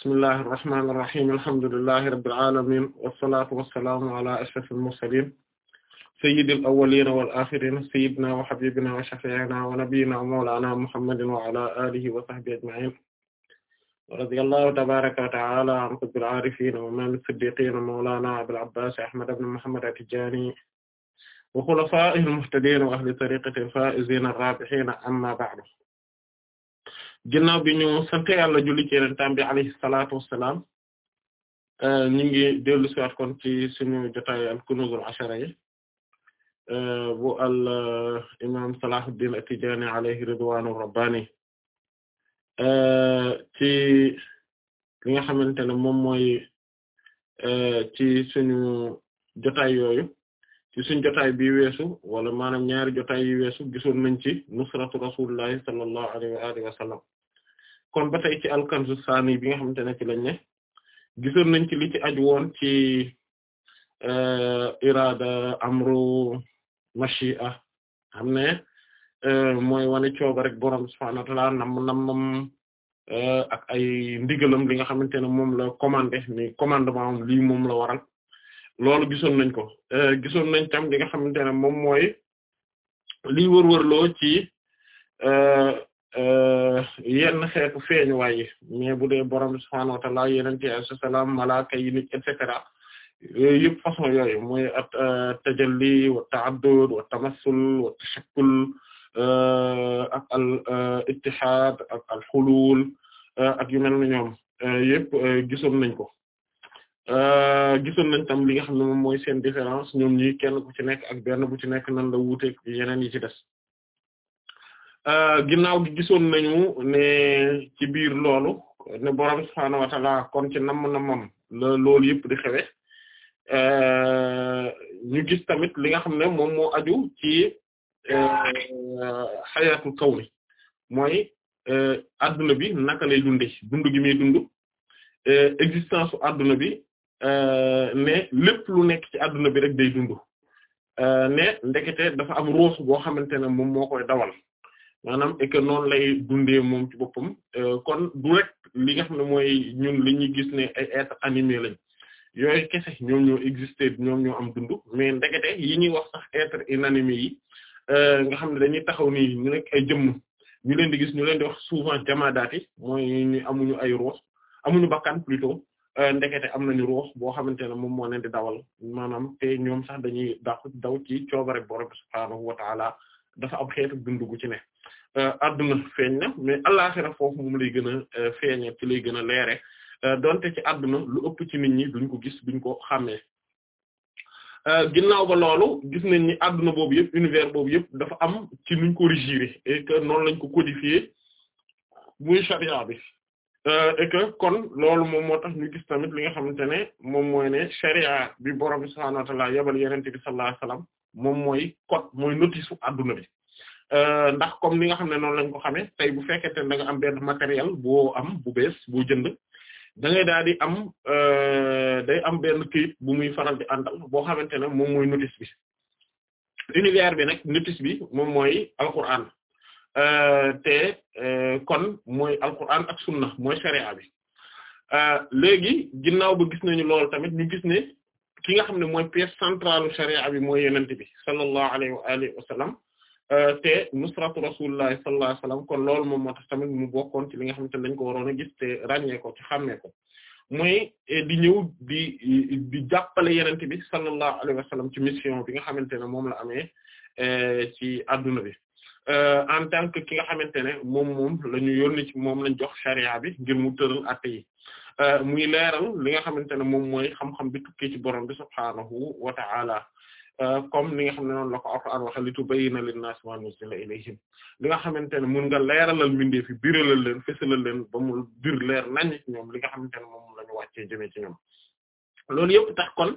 bismillahi irrahmani irrahim alhamdulilahi rabbil alamin wassalatu wassalaamu ala ashrafil mursalin sayyidil awwalina wal axirin sayyidina wa habibina wa shafi'ina wa nabiyyina wa mawlana muhammadin wa ala alihi wa sahbihi ajma'in wa radiyallahu tabaraka wa ta'ala an qutbil arifin wa imam siddiqin mawlana abil abbas ahmad ibn muhammad at-tijani wa khulafa'ihil muhtadin wa ahli tariqatil fa'izin ar-rabihin amma ba'du ginnaaw bi ñu sant yàlla julli ci yeneen bi alayhi salaatu wassalaam euh, ñu ngi dellu kon ci suñu jotaay al kunuzul ashara yi euh, bu al euh, imam Salahuddin At-Tidjânî alayhi ridwaanu rabbaani ci li nga xamante ne moom mooy ci suñu jotaay yooyu ci suñu jotaay bi weesu wala maanaam ñaari jotaay yi weesu gisoon nañ ci nusratu rasulillahi sallallahu alihi wa kon ba tey ci alkanzu saani bi nga xamante ne ci lañ ne gisoon nañ ci li ci aju woon ci euh, irada amru mashi'a xam ne euh, mooy wane cooba rek borom subhaanahu wa ta'aala nam namam euh, ak ay ndigalam li nga xamante ne moom la commandé ni commandement am lii moom la waral loolu gisoon nañ ko gisoon nañ tam li nga xamante ne moom mooy lii wër-wër loo ci. Eh, yenn xeetu feeñuwaay yi mais bu dee borom bi subhaanahu wa ta'aala yenente sa salaam malaaka yi et cetera yëpp façon yooyu mooy at eh, tajalli wa ta'addud wa tamassul wa tashakkul eh, ak al ittihaad ak al xuluul ak yu mel na ñoom yëpp gisoon nañ ko gisoon nañ tam li nga xam ne moom mooy seen différence ñoom ñi kenn ku ci nekk ak benn bu ci nekk nan la wuuteeg yeneen yi ci des Euh, ginnaaw gi gisoon nañu ne ci biir loolu ne borom subhaanahu wa ta'aala kon ci namm nammam la loolu yëpp di xewe euh, ñu gis tamit li nga xam ne moom moo aju ci euh, xayaatu kawni mooy adduna bi naka lay dundee dund gi muy dund existence su adduna bi ne lépp lu nekk ci adduna bi rek day dund ne ndekete dafa am ruux boo xamante ne moom moo koy dawal. maanaam et que noonu lay dundee moom ci boppam euh, kon du rek li nga xam ne mooy ñun li ñuy gis ne ay être animé lañ yooyu kese ñoom ñoo existé ñoom ñoo am dund mais ndekete yi ñuy wax sax être inanimé yi euh, nga xam ne dañuy taxaw ni ñu nekk ay jëmm ñu leen di gis ñu leen di wax souvent jamaadaat yi mooy ñu amuñu ay ruux amuñu bakkan plutôt euh, ndekete am nañu ruux boo xamante ne moom moo leen di dawal maanaam te ñoom sax dañuy daw ci coobare borom subhaanahu wa ta'ala dafa am xeetu dund gu ci ne adduna euh, feeñ na mais àllaxira foofu moom lay gën a euh, feeñe ci lay gën a leere euh, donte ci adduna lu ëpp ci nit ñi duñ ko gis duñ ko xàmmee ginnaaw ba loolu gis nañ ni àdduna boobu yëpp univers boobu yëpp dafa am ci nuñ ko régiré et lañ ko codifié muy charia bi et que kon loolu moom moo tax ñu gis tamit li nga xamante ne moom mooy ne charia bi borom bi subhaanahu wa ta'aala yabal yonent bi wa sallam moom mooy code mooy notice u adduna bi Euh, ndax comme ni nga xam ne noonu lañ ko xamee tey bu fekkente ne da am benn matériel boo am bu bees bu jënd da ngay daal di am euh, day am benn këyit bu muy faral di àndal boo xamante ne moom mooy notice bi univers bi nag notice bi moom mooy alquran euh, te kon mooy alquran ak sunna mooy sharia bi léegi ginnaaw ba gis nañu loolu tamit ñu gis ne ki nga xam ne mooy pièce centrale sharia bi mooy yonent bi sallallahu alayhi wa alihi Euh, te nusratu rasulillahi sallallahu alayhi wasallam kon lool moom moo tax tamit mu bokkoon ci li nga xamante ne dañ ko waroon a gis te ràññee ko ci xàmmee ko mooy eh, di ñëw di di jàppale yenente bi sallallahu alayhi wasallam ci mission bi nga xamante ne moom la amee eh, ci adduna bi euh, en tant que ki nga xamante ne moom moom la ñu yónni ci moom lañ jox charia bi ngir mu tëral atte yi euh, muy leeral li nga xamante ne moom mooy xam-xam bi tukkee ci borom bi subhaanahu wa ta'ala Euh, comme ni nga xam ne noonu la ko Alxuraan waxe li tubayyina lin-naasi maa nuzzila ilayhim li nga xamante ne mun nga leeralal mbindeef yi biralal leen ba mu bir leer nañ ci li nga xamante ne moom la ñu wàccee jëmee loolu yëpp tax kon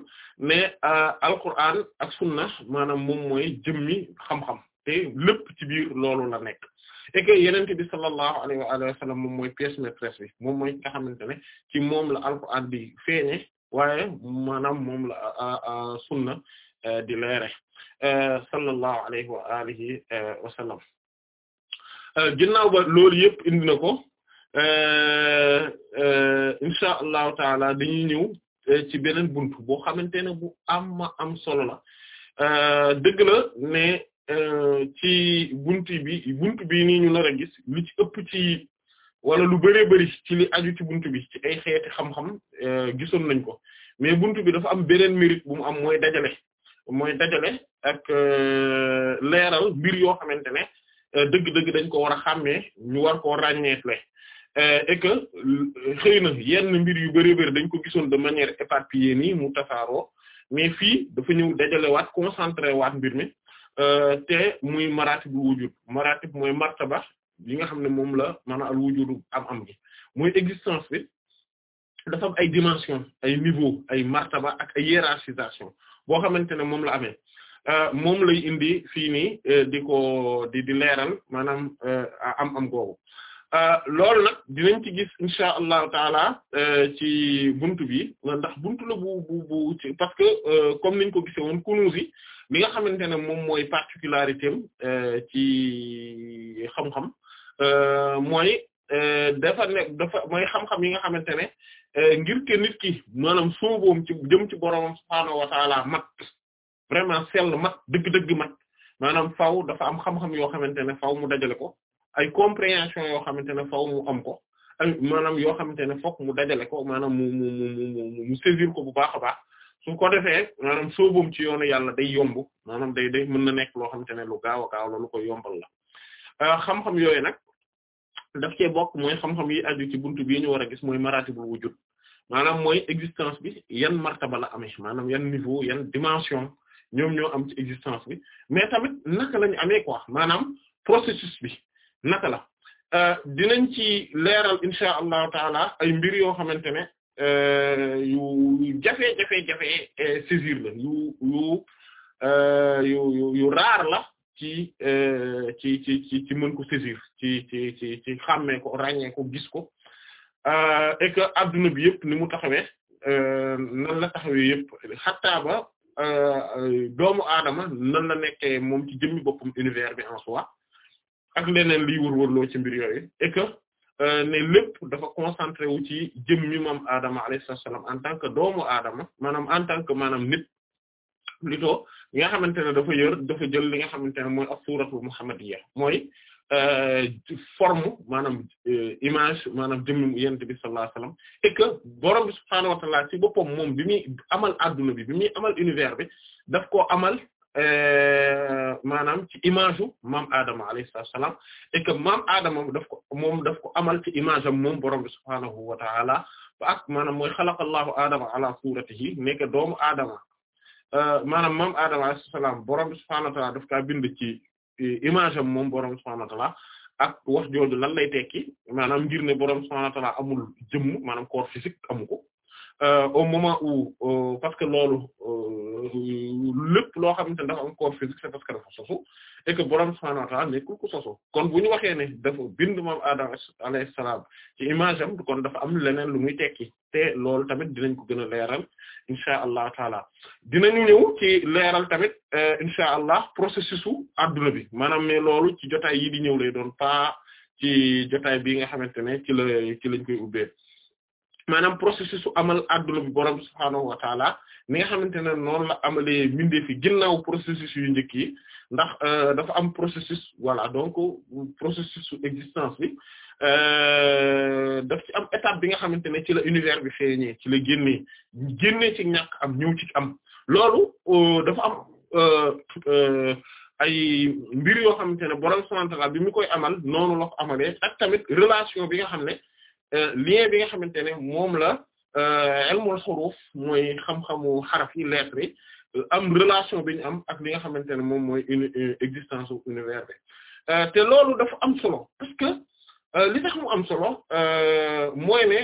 ne euh, Alxuraan ak sunna maanaam moom mooy jëmmi xam-xam te lépp ci biir loolu la nekk et que yeneen bi sallallahu alayhi wa alihi wa sallam moom mooy pièce maîtresse bi moom mooy nga xamante ne ci moom la Alxuraan bi feeñe waaye maanaam moom la euh, sunna Eh, di leere eh, sallallahu alayhi wa alihi eh, wa sallam ginnaaw ba loolu yëpp indi na ko insha allahu taala dañuy ñëw ci beneen bunt boo xamante ne bu am am solo la dëgg la ne ci bunt bi bunt bi ni ñu nar a gis lu ci ëpp ci wala lu bëree bëri ci li aju ci buntu bi ci ay xeeti xam-xam gisoon nañ ko mais buntu bi dafa am beneen mérite bu mu am mooy dajale mooy dajale ak euh, leeral mbir yoo xamante ne euh, dëgg-dëgg dañ ko war a xàmmee ñu war koo ràññeetle euh, et que xëy na yenn mbir yu bari bari dañ ko gisoon de manière éparpillée nii mu tasaaroo mais fii dafa ñëw dajale waat concentré wat mbir mi te muy maratib wujud maratib mooy martaba yi nga xam ne moom la maanaam al wujud am am gi mooy existence bi dafa ay dimension ay niveau ay martaba ak ay hiérarchisation boo xamante ne moom la amee euh, moom lay indi fii nii euh, di ko di di leeral maanaam euh, am am googu loolu nag dinañ ci gis incha allahu taala ci buntu bi ndax buntu la bu bu bu parce que comme niñ ko gisee woon kunuus bi li nga xamante ne moom mooy particularité am ci xam-xam mooy dafa nekk dafa xam-xam yi nga xamante ne Eh, ngir ke nit ki maanaam sóoboom ci jëm ci boroomam subhaanahu wa taala mat vraiment sell mat dëgg-dëgg mat maanaam faw dafa am xam-xam yoo xamante ne faw mu dajale ko ay compréhension yoo xamante ne faw mu am ko ay maanaam yoo xamante ne fokk mu dajale ko maanaam mu mu mu mu saisir ko bu baax a baax su ko defee maanaam sóoboom ci yoonu yàlla day yomb maanaam day day mun na nekk loo xamante ne lu gaaw a gaaw la lu ko yombal la eh, xam-xam yooyu nag daf cee bokk mooy xam-xam yi aju ci buntu bii ñu war a gis mooy maratibul wujud maanaam mooy existence bi yan martaba bala amee maanaam yan niveau yan dimension ñoom ñoo am ci existence bi mais tamit naka la ñu amee quoi maanaam processus bi naka la euh, dinañ ci leeral insha allahu taala ay mbir yoo xamante ne euh, yu jafe-jafe jafe euh, yu yu yu Euh, ci ci ci ci mën ko saisir ci ci ci ci xàmmee ko ràññee ko gis ko euh, et adduna bi yëpp ni mu taxawee euh, nan la taxawee yëpp xattaa ba doomu aadama nan la nekkee moom ci jëmmi boppam univers bi en soi ak leneen liy wërwërloo ci mbir yooyu et que ne lépp dafa concentré wu ci jëmmi moom aadama alayhi salaam en tant que doomu aadama maanaam en tant que maanaam nit plutôt li nga xamante ne dafa yor dafa jël li nga xamante ne mooy as-suratu muhammadiyya mooy euh, forme maanaam euh, image maanaam jëmm yonent bi sallallahu alayhi wasallam et que ci boppam moom bi muy amal adduna bi bi muy amal univers bi daf koo amal euh, maanaam ci image u maam Adama alayhi salaam et que maam Adama daf ko moom daf ko amal ci image am moom borom bi subhaanahu wa ta'ala ba ak maanaam mooy xalaqallahu Adama ala suratihi nekk doomu Adama Euh, maanaam maam Adama alayhi salaam borom bi subhaanahu wa ta'aala daf kaa ci image am moom borom bi subhaanahu wa ak wax jooju lan lay tekki maanaam ngir ne borom bi subhaanahu wa ta'aala amul jëmm maanaam physique amu ko Euh, au moment où euh, parce que loolu euh, lépp loo xamante ne dafa am corps physique parce que dafa sosu et que borom subhaanahu wa ta'aala nekkul ku sosu kon bu ñu waxee ne dafa bind moom Aadama alayhi salaam ci image am kon dafa am leneen lu muy tekki te loolu tamit dinañ ko gën a leeral insha allah taala ñëw ci leeral tamit insha allah processus u adduna bi maanaam mais loolu ci jotaay yi di ñëw lay doon pas ci jotaay bii nga xamante ne ci la ci lañ koy ubbee. maanaam processus su amal adduna bi borom subhaanahu wa taala ni nga xamante ne noonu la amalee mbindee fi ginnaaw processus yu njëkk yi ndax euh, dafa am processus voilà donc processus su existence bi euh, daf ci am étape bi nga xamante ne ci la univers bi feeñee ci la génnee génnee ci ñàkk am ñëw ci am loolu euh, dafa am ay mbir yoo xamante ne borom subhaanahu wa bi mu koy amal noonu la amale amalee tamit relation bi nga xam ne. Euh, lien bi nga xamante ne moom la euh, ilmul xuruf mooy xam-xamu xaraf yi euh, am relation bi ñu am ak li nga xamante ne moom mooy existence u univers te loolu dafa am solo parce que li tax mu am solo mooy ne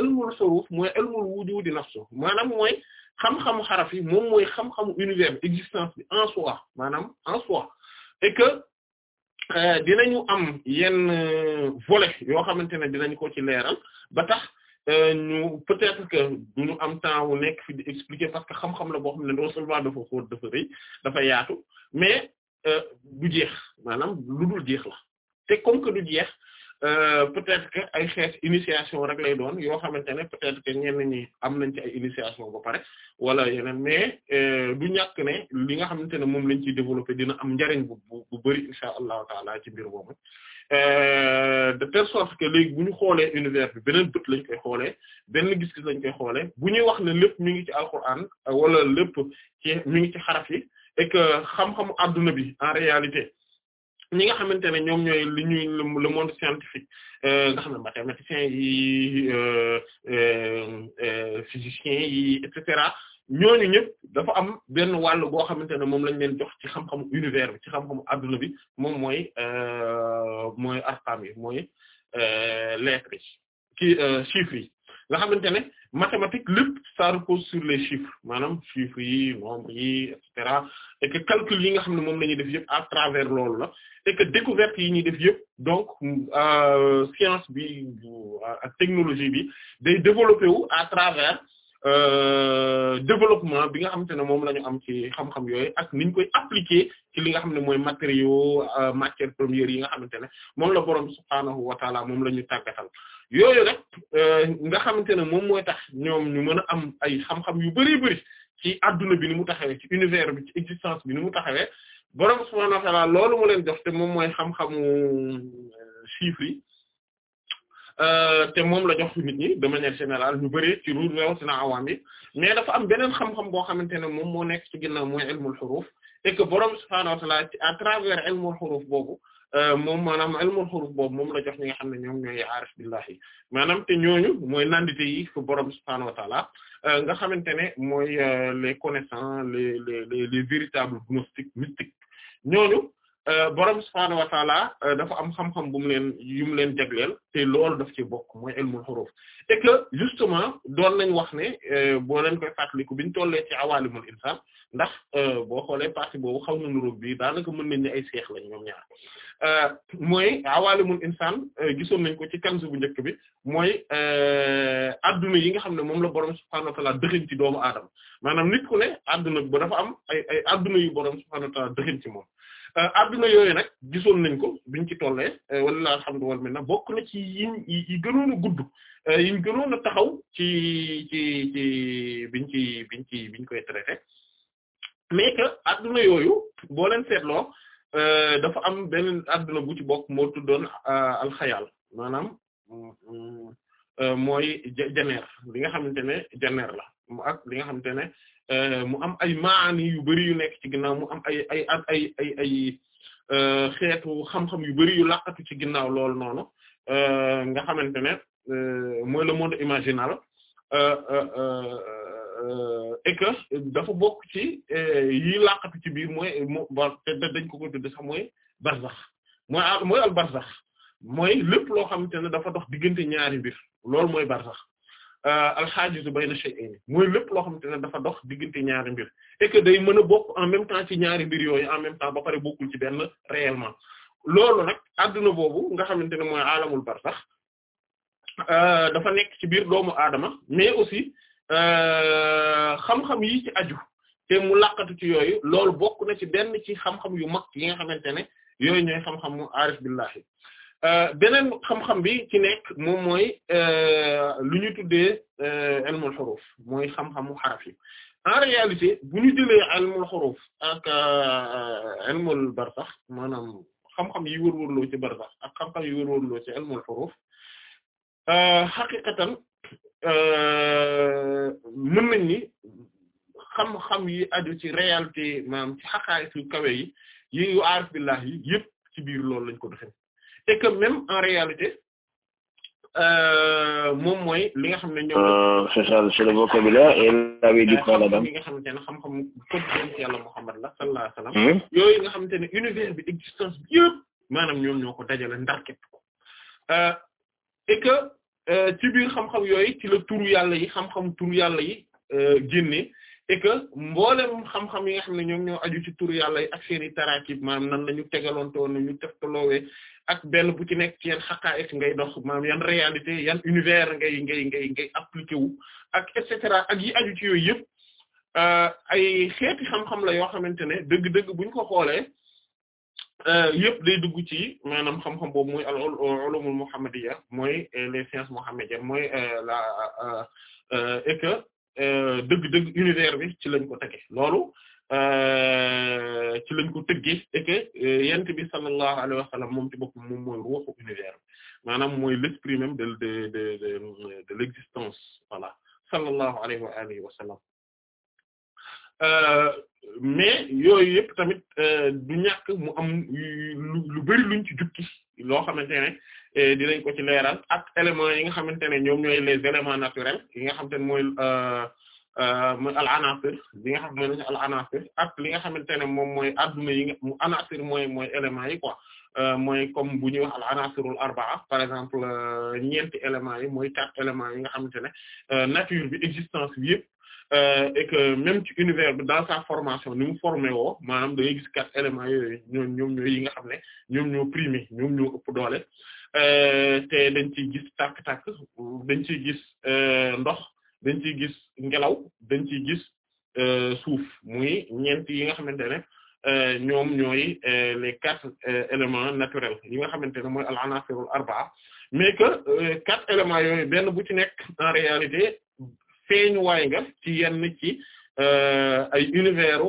ilmul xuruf mooy ilmul wujudi nafsu maanaam mooy xam-xamu xaraf yi moom mooy xam-xamu univers existence en soi maanaam en soi et Euh, dinañu am yenn euh, volet yoo xamante ne dinañ ko ci leeral ba tax euh, ñu peut-être que duñu am temps wu nekk fi di expliquer parce que xam-xam la boo xam ne non seulement dafa xóot dafa rëy dafa yaatu mais du jeex maanaam lu dul jeex la te comme du jeex Euh, peut-être que ay xeet initiation rek lay doon yoo xamante ne peut-être que ñenn ñi am nañ ci ay initiation ba pare wala yeneen mais euh, du ñàkk ne li nga xamante ne moom lañ ciy développer dina am njariñ bu bu bari insha allahu ci mbir boobu euh, de telle sorte que léegi bu ñu xoolee univers bi beneen bët lañ koy xoolee benn gis-gis lañ koy xoolee bu ñuy wax ne lépp mi ngi ci alquran wala lépp ci mi ngi ci xaraf yi et que xam adduna bi en réalité ñi nga xamante ne ñoom ñooy li ñuy le monde scientifique euh, nga xam ne mathématiciens yi euh, euh, physiciens yi et ñooñu ñëpp dafa am benn wàll boo xamante ne moom lañ leen jox ci xam-xamu univers bi ci xam-xamu adduna bi moom mooy mooy arqam yi mooy lettres yi kii nga xamante ne mathématique lépp ça repose sur les chiffres maanaam chiffres yi nombres yi et cetera calcul yi nga xam ne moom la ñuy def yëpp à travers loolu la c'est que découverte yi ñuy def yëpp donc euh, science bi ak technologie bi day développer wu à travers euh, développement bi nga xamante ne moom la ñu am ci xam-xam yooyu ak ni ñu koy appliquer ci li nga xam ne mooy matériaux euh, matière premières yi nga xamante ne moom la borom subhaanahu wa taala moom la ñu tàggatal yooyu rek euh, nga xamante ne moom mooy tax ñoom ñu mën a am ay xam-xam yu bari bari ci adduna bi ni mu taxawee ci univers bi ci existence bi ni mu taxawe borom subhaanahu wa loolu moo leen jox te moom mooy xam-xamu euh, chiffres yi euh, te moom la jox nit ñi de manière générale ñu bari ci ruur rawatina awaam yi mais dafa am beneen xam-xam boo xamante ne moom moo nekk ci ginnaaw mooy ilmul xuruuf et que borom subhaanahu wa à travers ilmul xuruuf boobu euh, moom maanaam ilmul xuruuf boobu moom la jox ñi nga xam ne ñoom ñooy aarif billahi maanaam te ñooñu mooy nandite yi fu borom subhaanahu wa Euh, nga xamante ne mooy euh, les connaissants le le les véritables gnostiques mystiques ñooñu Euh, borom subhaanahu wa euh, dafa am xam-xam bu mu leen yu mu leen jagleel te loolu daf ci bokk mooy ilmul xuruf et que justement doon nañ wax ne euh, boo leen koy fàttaliku biñ tollee ci awaalimul insaan ndax boo xoolee parti boobu xaw na nuróog bi daanaka mën nañ ne ay seex lañ ñoom ñaar mooy awaalimul insaan gisoon nañ ko ci kanzu bu njëkk bi mooy adduna yi nga xam ne moom la borom subhaanahu wa taala dëxin ci doomu aadama maanaam nit ku ne adduna ba am ay ay adduna yu borom subhaanahu wa ci moom. Euh, adduna yooyu nag gisoon nañ ko biñ ci tollee euh, wala alhamdulilah wal minna bokk na ci yiñ yi gënoon a gudd euh, yiñ gënoon taxaw ci ci ci biñ ci biñ ci biñ koy traité mais que adduna yooyu boo leen seetloo dafa am benn adduna bu ci bokk moo tuddoon alxayal maanaam mooy janeer li nga xamante ne janeer la ak li nga xamante ne Euh, mu am ay maani yu bari yu nekk ci ginnaaw mu am ay ay ay ay euh, xeetu xam-xam yu bari yu laqatu ci ginnaaw loolu noonu euh, nga xamante ne mooy le monde imaginal et que dafa bokk ci yi laqatu ci biir mooy dañ ko koy tudde mooy barzax mooy mooy al barzax mooy lépp loo xamante ne dafa dox diggante ñaari mbir loolu mooy barzax Euh, alxaajisu bayna shay'ayn mooy lépp loo xamante ne dafa dox diggante ñaari mbir et que day mën a bokk en même temps ci ñaari mbir yooyu en même temps ba pare bokkul ci benn réellement loolu nag adduna boobu nga xamante ne mooy alamul bar sax euh, dafa nekk ci biir doomu aadama mais aussi euh, xam-xam yi ci aju te mu laqatu ci yooyu loolu bokk na ci benn ci xam-xam yu mag yi nga xamante ne yooyu ñooy xam-xam mu aarif billahi Euh, beneen xam-xam bi ci nekk moom mooy euh, lu ñu tuddee euh, ilmul huruf mooy xam-xamu xaraf yi en bu ñu jëlee ilmul huruf ak ilmul barsax maanaam xam-xam yi wër-wërloo ci barsax ak xam-xam yi wër-wërloo ci ilmul huruf xaqiqatan mën nañ ni yi ci réalité maanaam ci yi yi yu aarif billah yi yëpp ci biir loolu lañ ko defee et que même en réalité euh, moom mooy li nga xam ne ñoom. Euh, c'est ça c'est le vocabulaire et il avait dit li nga xamante ne xam-xam code bi yàlla Muhammad la sallallahu alayhi wasallam. Hmm? yooyu nga xamante ne univers bi existence bi yëpp maanaam ñoom ñoo ko dajale ndar képp ko euh, que ci biir xam-xam yooyu ci la turu yàlla yi xam-xam turu yàlla yi génne et que mboolem xam-xam yi nga xam ne ñoom ñoo aju ci turu yàlla yi ak seen i tarakib nan la ñu tegaloon toon na ñu ak benn bu ci nekk ci yan ngay dox maanaam yan réalité yan univers ngay ngay ngay ngay appliqué wu ak et cetera ak yi aju ci euh, ay xeeti xam-xam la yoo xamante ne dëgg-dëgg buñ ko xoolee euh, yëpp day dugg ci maanaam xam-xam boobu mooy al ulumul muhammadiyya mooy euh, les sciences muhammadiyya mooy la et que dëgg-dëgg univers bi ci lañ ko tege loolu Euh, ci lañ ko tëggee et que euh, yent bi sallallahu alayhi wa sallam moom ci boppam moom mooy ruuxu univers maanaam mooy l'esprit même de de de de de l'existence voilà sallallahu alayhi wa alihi wa sallam euh, mais yooyu yëpp tamit du ñàkk mu am lu bari luñ ci jukki loo xamante ne dinañ ko ci leeral ak éléments yi nga xamante ne ñoom ñooy les éléments naturels yi nga xamante ne mooy Euh, muy al anasir bi nga xam ne nañu al anasir ak li nga xamante ne moom mooy adduna yi nga anasir mooy mooy éléments yi quoi euh, mooy comme bu ñuy wax al anasirul arbaa par exemple euh, ñeenti éléments yi mooy quatre éléments yi nga xamante ne nature bi existence bi yëpp et que même univers bi dans sa formation ni mu formé woo maanaam da ngay gis quatre yooyu ñoom ñoom yi nga xam ne ñoom ñoo primé ñoom ñoo ëpp doole te dañ ciy gis tàkk-tàkk dañ ciy gis ndox dañ ciy gis ngelaw dañ ciy gis euh, suuf muy ñeent yi nga xamante ne euh, ñoom ñooy euh, les quatre éléments naturels yi nga xamante ne mooy al anasirul arbaa mais que quatre éléments yooyu benn bu ci nekk en réalité feeñu waay nga ci yenn ci ay univers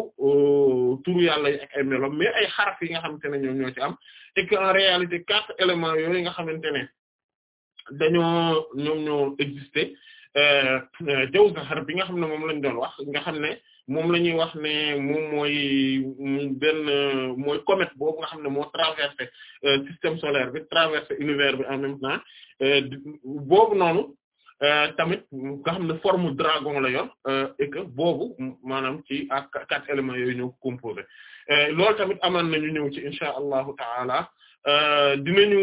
turu yàlla yi ak ay melom mais ay xaraf yi nga xamante ne ñoom ñoo ci am et que en réalité quatre éléments yooyu nga xamante ne Euh, euh, Jawzahar bi nga xam ne moom lañ doon wax nga xam ne moom la ñuy wax ne moom mooy benn mooy comète boobu nga xam ne moo traversé euh, système solaire bi traversé univers bi en même temps boobu noonu tamit nga xam ne forme dragon la yor et que boobu maanaam ci ak quatre éléments yooyu ñoo composé loolu tamit amaan nañu ñëw ci incha allahu taala dinañu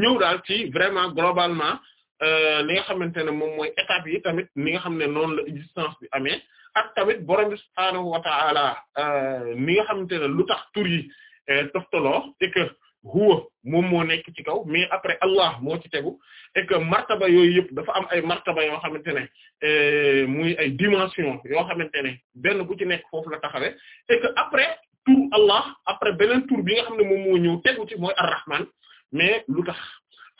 ñëw daal ci vraiment globalement Euh, li nga xamante ne moom mooy étape yi tamit ni nga xam ne noonu la existence bi amee ak tamit borom bi subhaanahu wa ta'ala euh, ni nga xamante ne lu tax tur yi euh, toftaloo et que huwa moom moo nekk ci kaw mais après Allah moo ci tegu et que martaba yooyu yëpp dafa am ay martaba yoo xamante ne muy ay dimension yoo xamante ne benn bu ci nekk foofu la taxawee et que après tur Allah après beneen tour bi nga xam ne moom moo ñëw tegu ci mooy ar-Rahman mais lu tax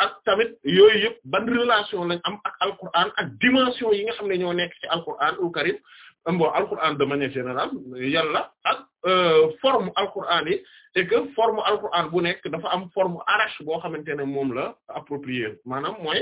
ak tamit yooyu yëpp ban relation lañ am ak alquran ak dimension yi nga xam ne ñoo nekk ci alquran ul karim euh, bon alquran de général générale yàlla ak euh, forme alquran yi et que forme alquran bu nekk dafa am forme arrache boo xamante ne moom la approprié maanaam mooy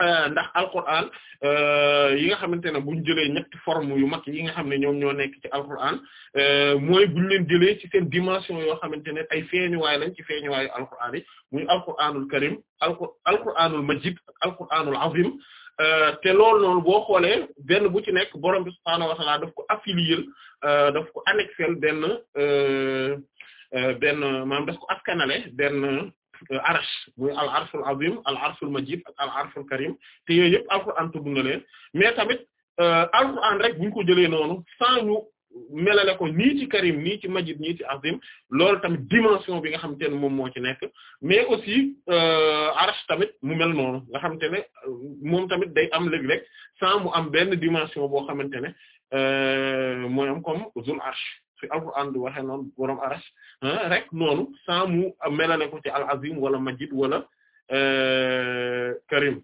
Euh, ndax alquran euh, yi nga xamante ne buñ jëlee ñetti forme yu mag yi nga xam ne ñoom ñoo nekk ci alquran euh, mooy buñ leen jëlee ci seen dimension yoo xamante ne ay feeñuwaay lañ ci feeñuwaayu alquran yi muy alquranul karim alqur alquranul majid ak alquranul azim te loolu noonu boo xoolee benn bu ci nekk borom bi subhaanahu wa ta'ala daf ko affilier daf ko annexel benn benn maanaam daf ko askanale benn Euh, arsh muy al arshul azim al arshul majid ak al arshul karim te yooyu yëpp alquran tudd na leen mais tamit euh, alquran rek bu ñu ko jëlee noonu sans ñu melale ko nii ci karim nii ci majid nii ci loolu tamit dimension bi nga xam ne moom moo ci nekk mais aussi euh, arsh tamit mu mel noonu nga xamante ne moom tamit day am léeg-léeg sans mu am benn dimension boo xamante ne mooy am comme zul fi alquran di waxee noonu borom arash ah, rek noonu sans mu melale ko ci al azim wala majid wala euh, karim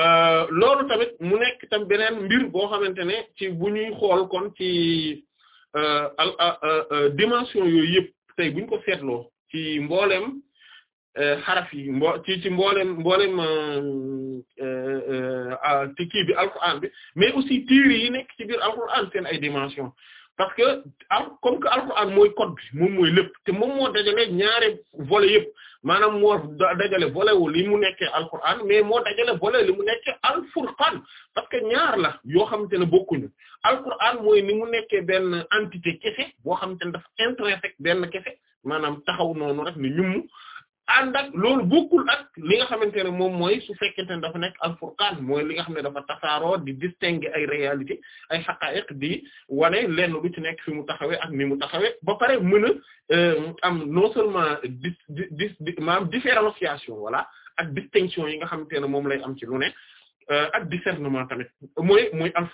euh, loolu tamit mu nekk tam beneen mbir boo xamante ne ci bu ñuy xool kon ci euh, al dimension yooyu yëpp tey bu ko seetloo ci mbooleem xaraf yi mbo ci ci mbooleem mbooleem ci kii bi alquran bi mais aussi tiir nekk ci biir alquran seen ay dimension parce que al comme que alxuraan mooy code bi moom moy lépp te moom moo dajale ñaari volets yëpp maanaam moo dajale volet wu li mu nekkee alxuraan mais moo dajale volet li mu nekkee alfurqaan parce que ñaar la yoo xamante ne bokkuñu alxuraan mooy ni mu nekkee benn entité kese boo xamante ne dafa intrinsèque benn kese maanaam taxaw noonu rek ni ñum ànd ak loolu bokkul ak li nga xamante ne moom mooy su fekkente ne dafa nekk al furqaan mooy li nga xam ne dafa tasaaroo di distinguer ay réalité ay xaqaayiq di wane lenn lu ci nekk fi mu taxawee ak ni mu taxawee ba pare mën a euh, am non seulement di di di maanaam différenciation voilà ak distinction yi nga xamante ne moom lay am ci lu ne euh, ak discernement tamit mooy mooy al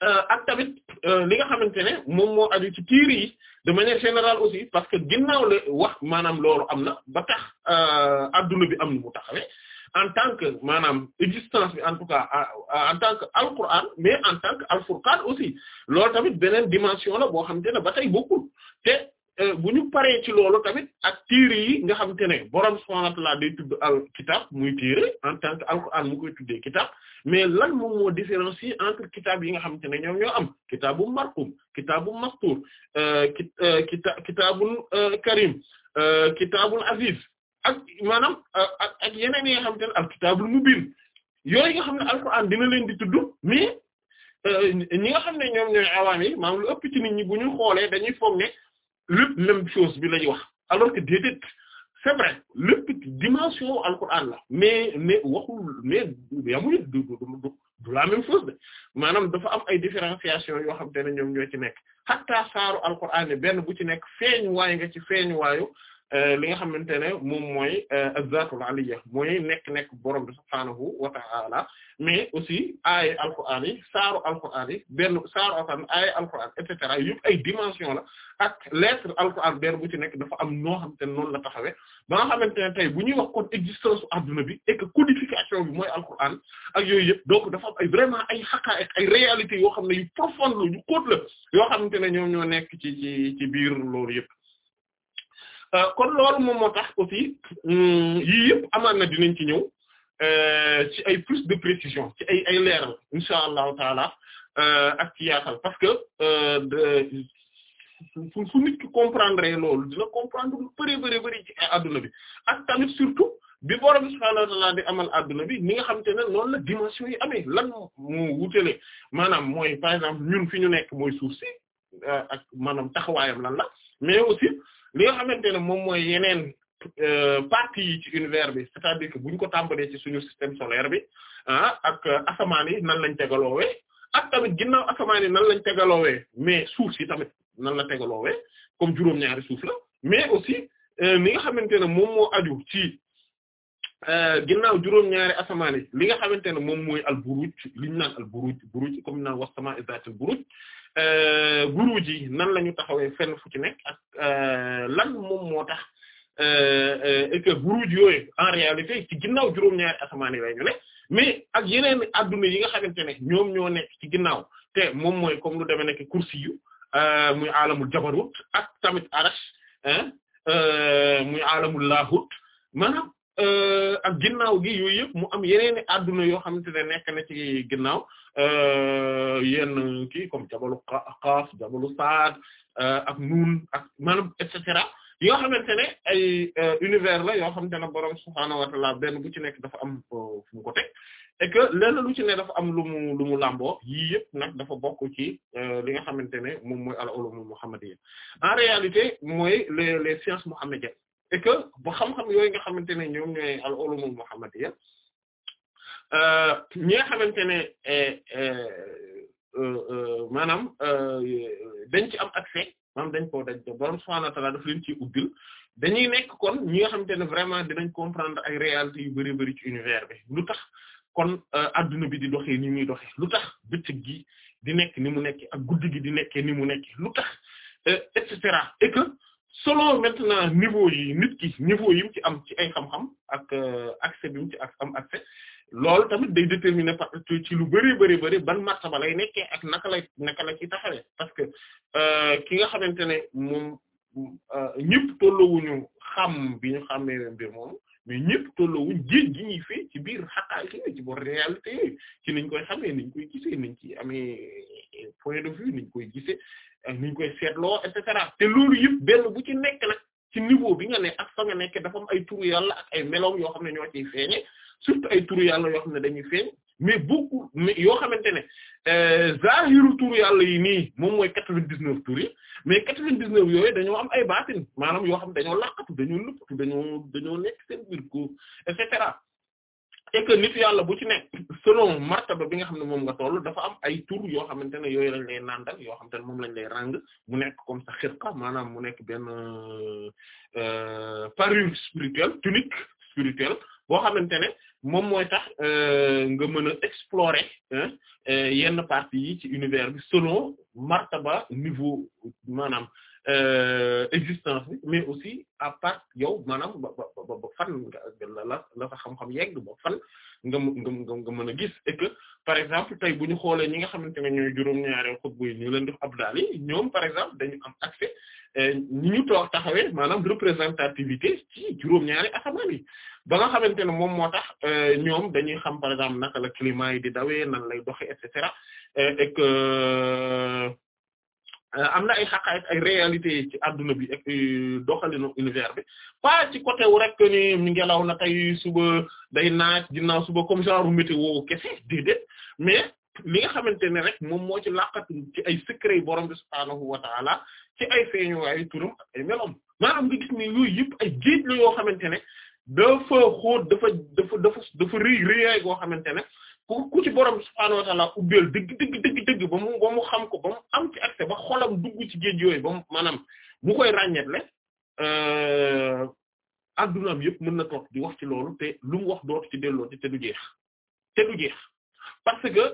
Euh, ak tamit euh, li nga xamante ne moom moo aju ci tiir yi de manière générale aussi parce que ginnaaw la wax maanaam loolu am na ba tax euh, adduna bi am na mu taxawe en tant que maanaam existence bi en tout cas en tant que alquran mais en tant que alfurqan aussi loolu tamit beneen dimension la boo xam ne ba tey bokkul te bu ñu paree ci loolu tamit ak tiir yi nga xamante ne borom subhanahu de ta'ala day tudd al kitab muy tiir en tant que alquran mu koy tuddee kitab mais lan moom moo différencier entre kitaab yi nga xamante ne ñoom ñoo am kitaabu marqum kitaabu mastur euh, euh, kita kitaabul euh, karim kitaabul aziz ak maanaam ak ak yeneen yi nga xamante ne al kitaabul mubin yooyu nga xam ne alquran dina leen di tudd mais ñi nga xam ne ñoom ñooy awaam yi maanaam lu ëpp ci nit ñi bu ñu xoolee dañuy foog ne lépp même chose bi lañuy wax alors que déedéet c'est vrai lépp dimension alquran la mais mais waxul mais yamuñu du du du la même chose de maanaam dafa am ay différenciation yoo xam te ne ñoom ñoo ci saaro xataa saaru alquran benn bu ci nekk feeñu waay nga ci feeñu waayu Euh, li nga xamante ne moom mooy euh, azzatul aliyya mooy nekk-nekk borom bi subhaanahu wa ta'ala mais aussi ay alquran yi saaru alquran yi benn saaru alquran ay alquran et cetera yëpp ay dimension la ak lettre alquran benn bu ci nekk dafa am noo xam ne noonu la taxawee ba nga xamante ne tey bu ñuy wax kon existence adduna bi et que codification bi mooy alquran ak yooyu yëpp donc dafa am ay vraiment ay xaqaa'iq ay réalités yoo xam ne yu profonde la yu xóot la yoo xam ne ñoom ñoo nekk ci ci loolu yëpp Euh, kon loolu moom moo tax aussi hmm, yii yëpp amaan na dinañ ci ñëw euh, ci ay plus de précision ci ay ay leeral insha allahu taala euh, ak ci yaatal parce que fu nit ki comprendre loolu dina comprendre lu bëri bëri bëri ci adduna bi ak tamit surtout bi borom subhaanahu wa ta'aala di amal adduna bi ni nga xamante ne noonu la dimension yi ame lan mu wutale maanaam mooy par exemple ñun fi ñu nekk mooy suuf si ak maanaam taxawaayam lan la mais aussi li nga xamante ne moom mooy yeneen euh, parties yi ci univers bi cest bu ñu ko tàmbalee ci suñu système solaire bi ah ak euh, asamaan yi nan lañ tegaloowee ak tamit ginnaaw asamaan yi nan lañ tegaloowee mais suuf si tamit nan la tegaloowee comme juróom-ñaari suuf la mais aussi euh, li nga xamante ne moom moo aju ci ginnaaw juróom-ñaari asamaan li nga xamante ne moom mooy al buruj li ñu naan al buruj buruj comme naan wasamaa izaatil buruj Euh, guru ji nan la ñu taxawee fenn fu ci nekk ak euh, lan moom moo tax et euh, que guru ji yooyu en réalité ci ginnaaw juróom-ñaari asamaan yi lay ñu ne mais ak yeneen adduna yi nga xamante ne ñoom ñoo nekk ci ginnaaw te moom mooy comme lu demee nekk kursi yu muy alamul jabarut ak tamit arash muy alamul laahut Euh, ak ginnaaw gi yooyu yëpp mu am yeneeni adduna yoo xamante ne nekk na ci ginnaaw euh, yenn kii comme jabalu Qaaf jabalu Saad euh, ak Nuun ak maanaam et cetera yoo xamante ne ay univers la yoo xam ne borom subhaanahu wa ta'ala benn bu ci nekk dafa am fu mu ko teg que lenn lu ci ne dafa am lu mu lu mu làmboo yii yëpp nag dafa bokk ci li nga xamante ne moom mooy al ulum muhammadiyya en réalité mooy les les sciences mohammadiennes et que ba xam-xam yooyu nga xamante ne ñoom ñooy al ulumul muhammadiyya euh, ñi nga xamante ne eh, eh, euh, euh, maanaam dañ ci am accès maanaam dañ koo daj borom subhaanahu wa ta'aala daf leen ciy ubbil dañuy nekk kon ñi nga xamante ne vraiment dinañ comprendre ay réalités yu bari bari ci univers bi lu tax kon adduna bi di doxee ni muy doxee lu tax biti gi di nekk ni mu nekkee ak guddi gi di nekkee ni mu nekk lu tax et solo maintenant niveau yi nit ki niveau yi mu ci am ci ay xam-xam ak euh, accès bi mu ci ak am accès tamit day déterminer par ci lu bari bari bari ban martaba lay nekkee ak naka lay naka la ci taxawee parce que euh, ki nga xamante ne moom euh, ñëpp tolloowuñu xam bi ñu xàmmee mbir moom mais ñëpp tolloowuñ géej gi ñuy fee ci biir xaqaay ki ci bo réalité yooyu ci niñ koy xamee niñ koy gisee niñ ci amee point de vue niñ koy gisee ak ni ñu koy seetloo et cetera te loolu yëpp benn bu ci nekk nag ci niveau bi nga ne ak fa nga nekk dafa ay turu yàlla ak ay meloom yoo xam ne ñoo ciy feeñe surtout ay turu yàlla yoo xam ne dañuy feeñ mais beaucoup mais yoo xamante ne euh, zahiru turu yàlla yi nii moom mooy quatre-vingt-dix-neuf tur mais quatre-vingt-dix-neuf yooyu dañoo am ay baatin maanaam yoo xam ne dañoo laqatu dañoo lëkkatu dañoo dañoo nekk seen biir ko et cetera et que nit yàlla bu ci nekk selon martaba bi nga xam ne moom nga toll dafa am ay tour yoo xamante ne yooyu lañ lay nandal yoo xamante ne moom lañ lay ràng mu nekk comme ça xirqa maanaam mu nekk benn euh, euh, parure spirituelle tunique spirituelle boo xamante ne moom mooy tax euh, nga mën a explorer yenn parties yi ci univers bi selon martaba niveau maanaam Euh, existence bi mais aussi à part yow maanaam ba ba ba fan la la sa xam-xam yegg ba fan nga nga nga mën a gis et que par exemple tey bu ñu xoolee ñi nga xamante ne ñooy juróom-ñaari xutba yi ñu leen def yi ñoom par exemple dañu am accès ñi euh, ñu toog taxawee maanaam représentativité ci juróom-ñaari asamaan yi ba nga xamante ne moom moo tax euh, ñoom dañuy xam par exemple naka la climat yi di dawee nan lay doxee et Euh, am na ay xaqaay ay réalité ci adduna bi ak euh, doxalinu univers bi pas ci côté rek ni ngelaw na tey suba day naaj ginnaaw suba comme genre météo kese déedéet mais li nga xamante ne rek moom moo ci laqatu ci ay secret borom bi subhaanahu wa taala ci ay feeñuwaayu turam ak ay meloom maanaam nga gis ni yooyu yëpp ay géej la yoo xamante ne dafa xóot dafa dafa dafa dafa rëy rëyaay goo xamante ne ku ku ci borom subhaanahu wa ta'aala dëgg dëgg dëgg ba mu ba xam ko ba mu am ci accès ba xolam dugg ci géej yooyu ba mu maanaam mu koy ràññeetle euh, addunaam yëpp mën na toog di wax ci loolu te lu mu wax dootu ci delloo te du te du jeex parce que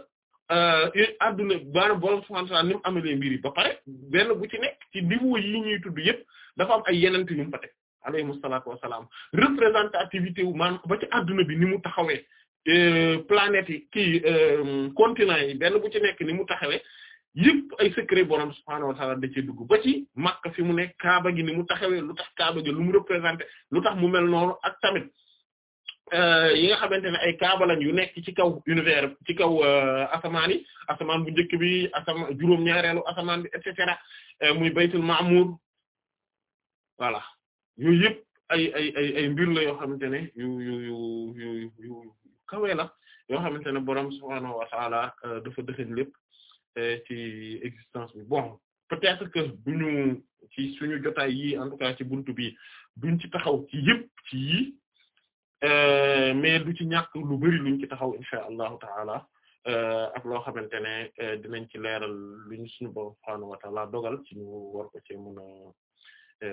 euh, adduna maanaam borom subhaanahu wa ta'aala ni mu amalee mbir yi ba pare benn bu ci nekk ci niveau yi ñuy tudd yëpp dafa am ay yeneen yu fa teg alayhimu salaatu wa salaam représentativité wu maanaam ba ci adduna bi ni mu taxawee. Euh, planètes yi kii euh, continent yi benn bu ci nekk ni mu taxawee yëpp ay secret borom subhaanahu wa ta'aala da cee dugg ba ci Makka fi mu nekk Kaaba gi ni mu taxawee lu tax Kaaba gi lu mu représenté lu tax mu mel noonu ak tamit euh, yi nga xamante ne ay Kaaba lañ yu nekk ci kaw univers ci kaw asamaan yi asamaan bu njëkk bi asama juróom-ñaareelu asamaan bi et cetera muy Baytul Ma'mur voilà yooyu yëpp ay ay ay ay mbir la yoo xamante ne yu yu yu yu yu. kawe la yoo xamante ne borom subhaanahu wa taala euh, dafa dëxëñ lépp ci existence bi bon peut-être que duñu ci suñu jotaay yi en ci buntu bi duñ ci taxaw ci yëpp ci yii euh, mais du ci ñàkk lu bari luñ ci taxaw insha allahu taala euh, ak loo xamante ne dinañ ci leeral luñ suñu borom subhaanahu wa dogal ci ñu war ci mën a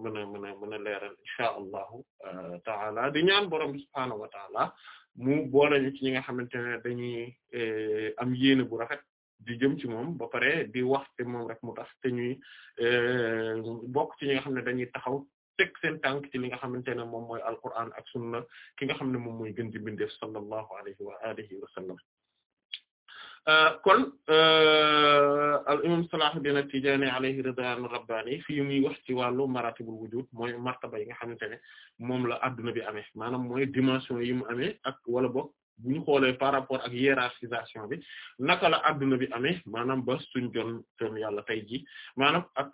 mën a mën a mën a allahu taala di ñaan borom bi subhaanahu wa mu boole ñu ci ñi nga xamante ne dañuy eh, am yéene bu rafet di jëm ci moom ba pare di wax te moom rek mu tax te ñuy eh, bokk ci ñi nga xam ne dañuy taxaw teg seen tànk ci li nga xamante ne moom mooy alquran ak sunna ki nga xam ne moom mooy gën ci bindeef sallallahu alayhi wa alihi wa sallam Euh, kon euh, al imam Salahuddin at-Tijani alayhi ridwan rabbani fii muy wax ci wàllu maratibul wujud mooy martaba yi nga xamante ne moom la adduna bi amee maanaam mooy dimension yi mu amee ak wala boog bu ñu xoolee par rapport ak hiérarchisation bi naka la adduna bi amee maanaam ba suñ jon yàlla tey ji maanaam ak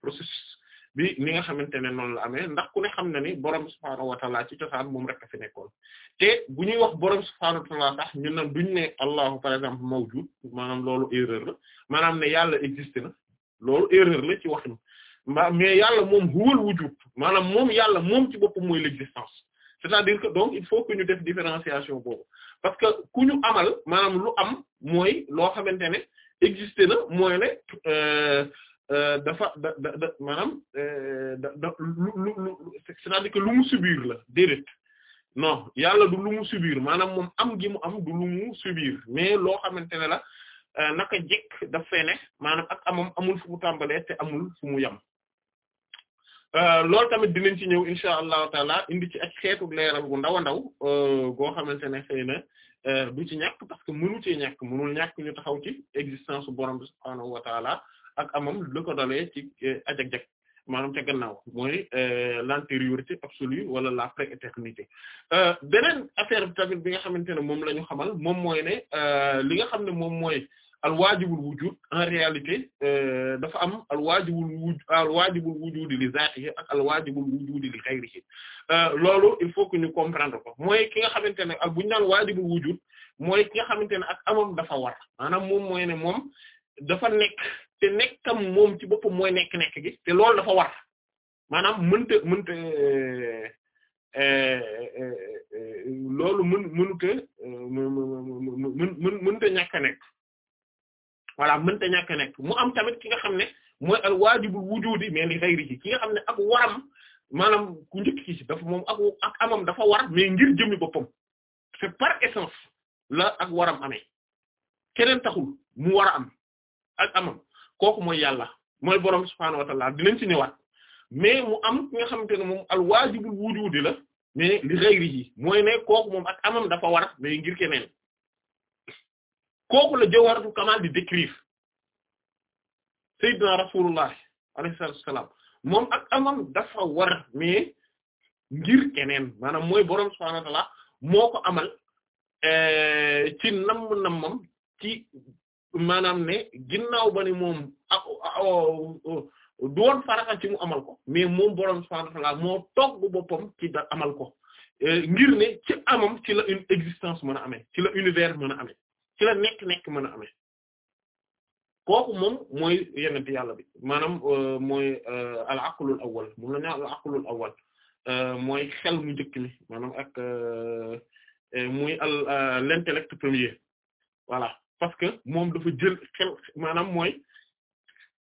processus bi ni nga xamante ne noonu la amee ndax ku ne xam na ni borom subhaanahu wa ta'ala ci cosaan moom rek a fi nekkoon te bu ñuy wax borom subhaanahu wa ta'ala sax ñun nag duñ ne Allahu par exemple mawjud maanaam loolu erreur la maanaam ne yàlla existe na loolu erreur la ci wax ma mais yàlla moom huwal wujud maanaam moom yàlla moom ci boppam mooy l'existence c'est-à-dire que donc il faut que ñu def différenciation boobu parce que ku ñu amal maanaam lu am mooy loo xamante ne existe na mooy ne. Euh, Euh, dafa da da da maanaam euh, da da lu lu lu c'est-à-dire que lu mu subir la déedéet non yàlla du lu mu subir maanaam moom am gi mu am du lu mu subir mais loo xamante ne la euh, naka jekk daf fee ne ak amam amul fu mu tàmbalee te amul fu mu yem. loolu tamit dinañ ci ñëw incha allahu taala indi ci ak xeetu leeral gu ndaw a ndaw goo xamante ne xëy na du ci ñàkk parce que mënu ci ñàkk mënul ñàkk ñu taxaw ci existence borom bi subhaanahu wa ak amam la ko dalee ci eh, ajak jak maanaam ca gannaaw mooy eh, l'antériorité absolue wala la pré-éternité euh, beneen affaire bi tamit bi nga xamante ne moom la ñu xamal moom mooy ne euh, li nga xam ne moom mooy al waajibul wujud en réalité euh, dafa am al waajibul wujud al waajibul wujudi li zaatihi ak al waajibul wujudi li loolu il faut que ñu comprendre ko mooy ki nga xamante ne ak bu ñu naan waajibul wujud mooy ki nga xamante ne ak amam dafa war maanaam moom mooy ne moom dafa nekk te nekkam moom ci boppam mooy nekk-nekk gi te loolu dafa war maanaam mënta mënta euh, euh, euh, loolu mën mënuta mën mënta ñàkk a nekk voilà mënta ñàkk nekk mu am tamit ki nga xam ne mooy al waajibul wujudi mais li xayri ci ki nga xam ne ak waram maanaam ku njëkk dafa amam dafa war mais ngir jëmmi boppam c'est par essence la ak waram amee keneen taxul mu war a am ak amam kooku mooy yàlla mooy borom subhaanahu wa ta'ala dinañ ci ñëwaat mais mu am ki nga xamante ne moom al waajibul wujuudi la mais li mooy ne kooku moom ak amam dafa war mais ngir keneen kooku la jawharatul kamal di décrire sayyidina rasulullah alayhi salaatu moom ak amam dafa war mais ngir keneen maanaam mooy borom subhaanahu wa ta'ala moo ko amal eh, ci namm nammam ci maanaam ne ginnaaw ba ne moom du woon farata ci mu amal ko mais moom boroom subhaanahu wa ta'aala moo togg boppam ci da amal ko euh, ngir ne ci amam ci la existence mën a amee ci la univers mën a amee ci la nekk-nekk mën a amee kooku moom mooy yenent yàlla bi maanaam euh, mooy euh, al aqlul awwal moom la ñu al aqlul awwal mooy xel mu njëkk mi maanaam ak muy al l'intellect premier voilà parce que moom dafa jël xel maanaam mooy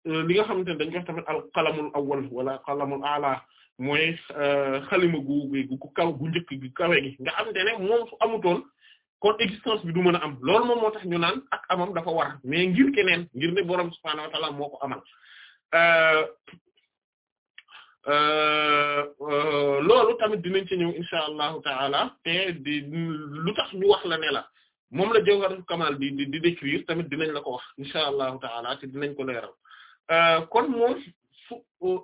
euh, li nga xamante ne dañ koy tamit al qalamul awwal wala qalamul ala mooy euh, xalima gu gu kaw gu njëkk gu kawe gi nga xamante ne moom su amutoon kon existence bi du mën a am loolu moom moo tax ñu naan ak amam dafa war mais ngir keneen ngir ne borom subhaanahu wa ta'ala moo ko amal euh, loolu tamit dinañ ci ñëw incha allahu taala te di lu tax ñu wax la ne la. moom la Jawharatul Kamal di di décrire tamit dinañ la ko wax incha allahu taala te dinañ ko leeral euh, kon moom su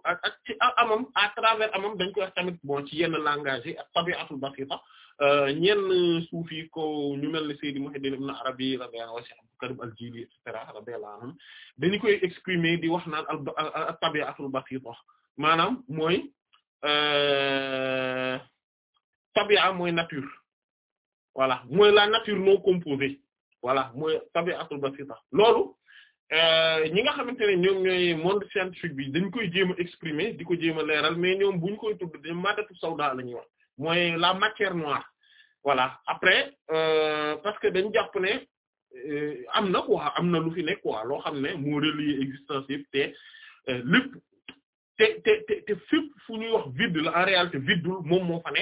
a ci amam à travers amam dañ koy wax tamit bon ci yenn langage yi ak tabi'atul basita euh, ñenn suufi ko ñu mel ne Seydi Muhiddin ibn Arabi radiyallahu anhu Cheikh Abdou Karim al-Jili et cetera radiyallahu anhum dañu koy exprimer di wax naan al tabi'atul basita maanaam mooy euh, tabi'a mooy nature. voilà mooy la nature non composée voilà mooy tabi'atul basita loolu euh, ñi nga xamante ne ñoom ñooy monde scientifique dañ koy jéem a di ko jéem a leeral mais ñoom bu ñu koy tudd ma madatu sawda la ñuy wax mooy la matière noire voilà après euh, parce que dañ jàpp ne euh, am na quoi lu fi nekk quoi loo xam ne moo relier existence yëpp te lépp te te te te fu ñuy wax vide la en réalité vide moom moo fa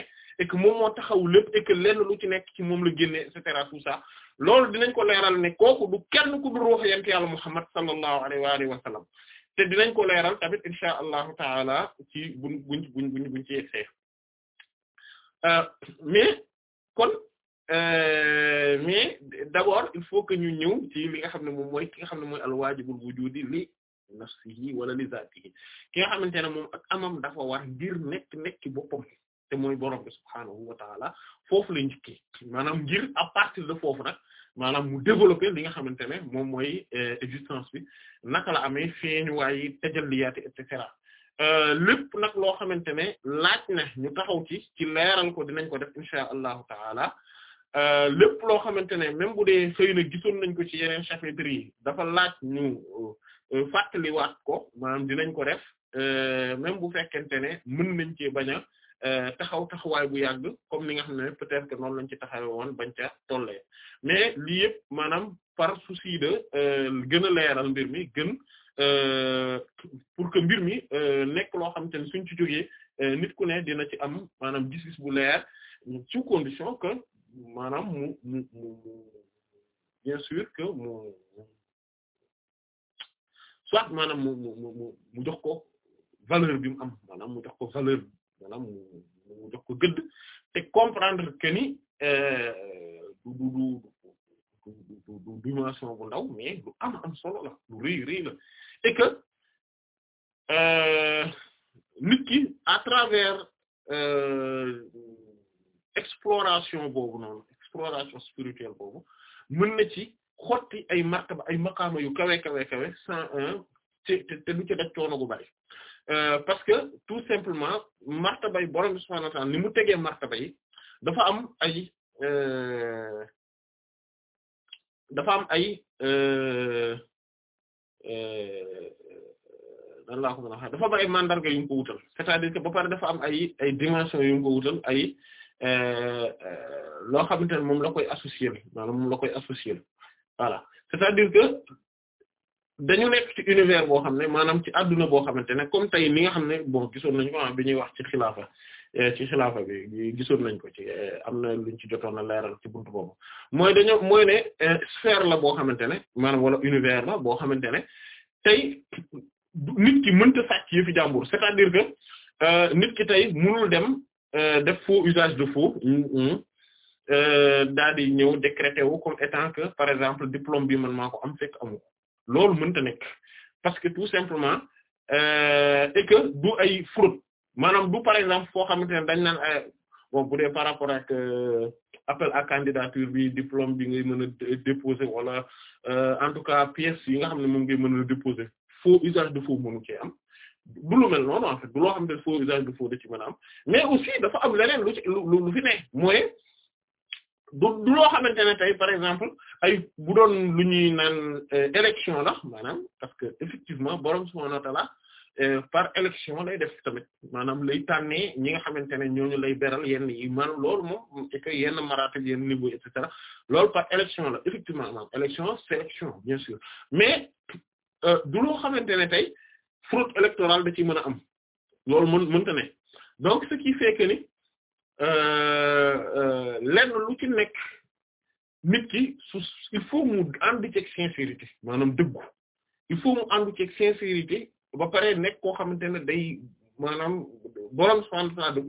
et que moom moo taxaw lépp et que lu ci nekk ci moom la génne et cetera tout ça loolu dinañ ko leeral ne kooku du kenn ku du ruux yent yàlla Muhammad sallallahu alayhi wa alihi wa sallam te dinañ ko leeral tamit insha allahu taala ci buñ buñ buñ buñ buñ ci yegsee euh, mais kon euh, mais d'abord il faut que ñu ñëw ci li nga xam ne moom mooy ki nga xam ne mooy alwaajibul wujudi li nafsihi wala li zaatihi ki nga xamante ne moom ak amam dafa war ngir nekk nekk boppam te mooy borom bi subhaanahu wa taala foofu la njëkkee maanaam ngir à partir de foofu nag maanaam mu développer li nga xamante ne moom mooy euh, existence bi naka la amee feeñuwaay yi tajalliyaat et cetera euh, lépp nag loo xamante ne laaj na ñu taxaw ci ci leeral ko dinañ ko def insha allahu taala euh, lép loo xamante ne même bu dee xëy na gisoon nañ ko ci yeneen chapitres yi dafa laaj ñu fàttaliwaat ko maanaam dinañ ko def même bu fekkente ne mën nañ cee bañ a Euh, taxaw taxawaay bu yàgg comme ni nga xam ne peut-être lañ ci taxawe woon bañ ca tollee mais lii yëpp maanaam par souci de euh, gën leeral mbir mi gën euh, pour que mbir mi nekk loo xam ne suñ ci jógee nit ku ne dina ci am maanaam gis-gis bu leer sous condition que maanaam mu mu mu bien sûr que mu soit maanaam mu mu mu jox ko valeur bi mu am maanaam mu jox ko valeur maanaam mu mu jox ko gëdd te comprendre que ni euh, du du dimension bu ndaw mais lu am am solo la lu rëy rëy la et que euh, nit ki travers euh, exploration boobu noonu exploration spirituelle boobu mën na ci xotti ay martaba ay maqaama yu kawe kawe kawe sans un te te du ci daj coono bu bari Euh, parce que tout simplement bay borom subhaanahu wa ta'aala ni mu tegee martaba yi dafa am ay euh, dafa am ay dan euh, laa ko mën a wax mandarga yu mu ko wutal c'est-à-dire que ba pare dafa am ay ay dimension yu mu ko wutal ay loo xamante ne moom la koy associer maanaam mom la koy associer voilà c'est-à-dire que dañu nekk ci univers boo xam ne maanaam ci adduna boo xamante ne comme tey li nga xam ne bon gisoon nañu ko ah bi ñuy wax ci xilaafa eh, ci xilaafa bi gisoon nañ ko ci eh, am na luñ ci jotoon a leeral ci buntu boobu mooy dañoo mooy ne eh, sphère la boo xamante ne maanaam wala univers la boo xamante ne tey nit ki mënta sàcc yëfi jàmbur c'est-à-dire que euh, nit ki tey mënul dem euh, def faux usage de faux mm, mm, euh, daal di ñëw décréter wu comme étant que par exemple diplôme bi man maa ko am fekk amu loolu mënta nekk parce que tout simplement euh, et que du ay fraude maanaam du par exemple foo xamante ne dañ naan euh, bon bu par rapport ak euh, appel à candidature bi diplôme bi ngay mën a déposer wala en tout cas pièces yi nga xam ne moom ngay mën a déposer faux usage de faux mënu am du lu mel noonu en fait du loo xam ne faux usage de faux da ci mën am mais aussi dafa am leneen lu ci lu fi ne du du loo xamante ne tey par exemple ay bu doon lu ñuy naan euh, élection la maanaam parce que effectivement borom subhaanahu wa ta'aala euh, par élection lay def tamit maanaam lay tànnee ñi nga xamante ne ñooñu lay beral yenn yi maanaam loolu moom et que yenn maratib yenn niveau et lool loolu par élection la effectivement maanaam élection sélection bien sûr mais euh, du loo xamante ne tey fraude électoral da ci mën a am loolu mën mënta donc ce qui fait Euh, euh, lenn lu ci nekk nit ki su il faut mu ànd ceeg sincérité maanaam dëggu il faut mu ànd ceeg sincérité ba pare nekk koo xamante ne day maanaam borom subhanahu wa ta'ala da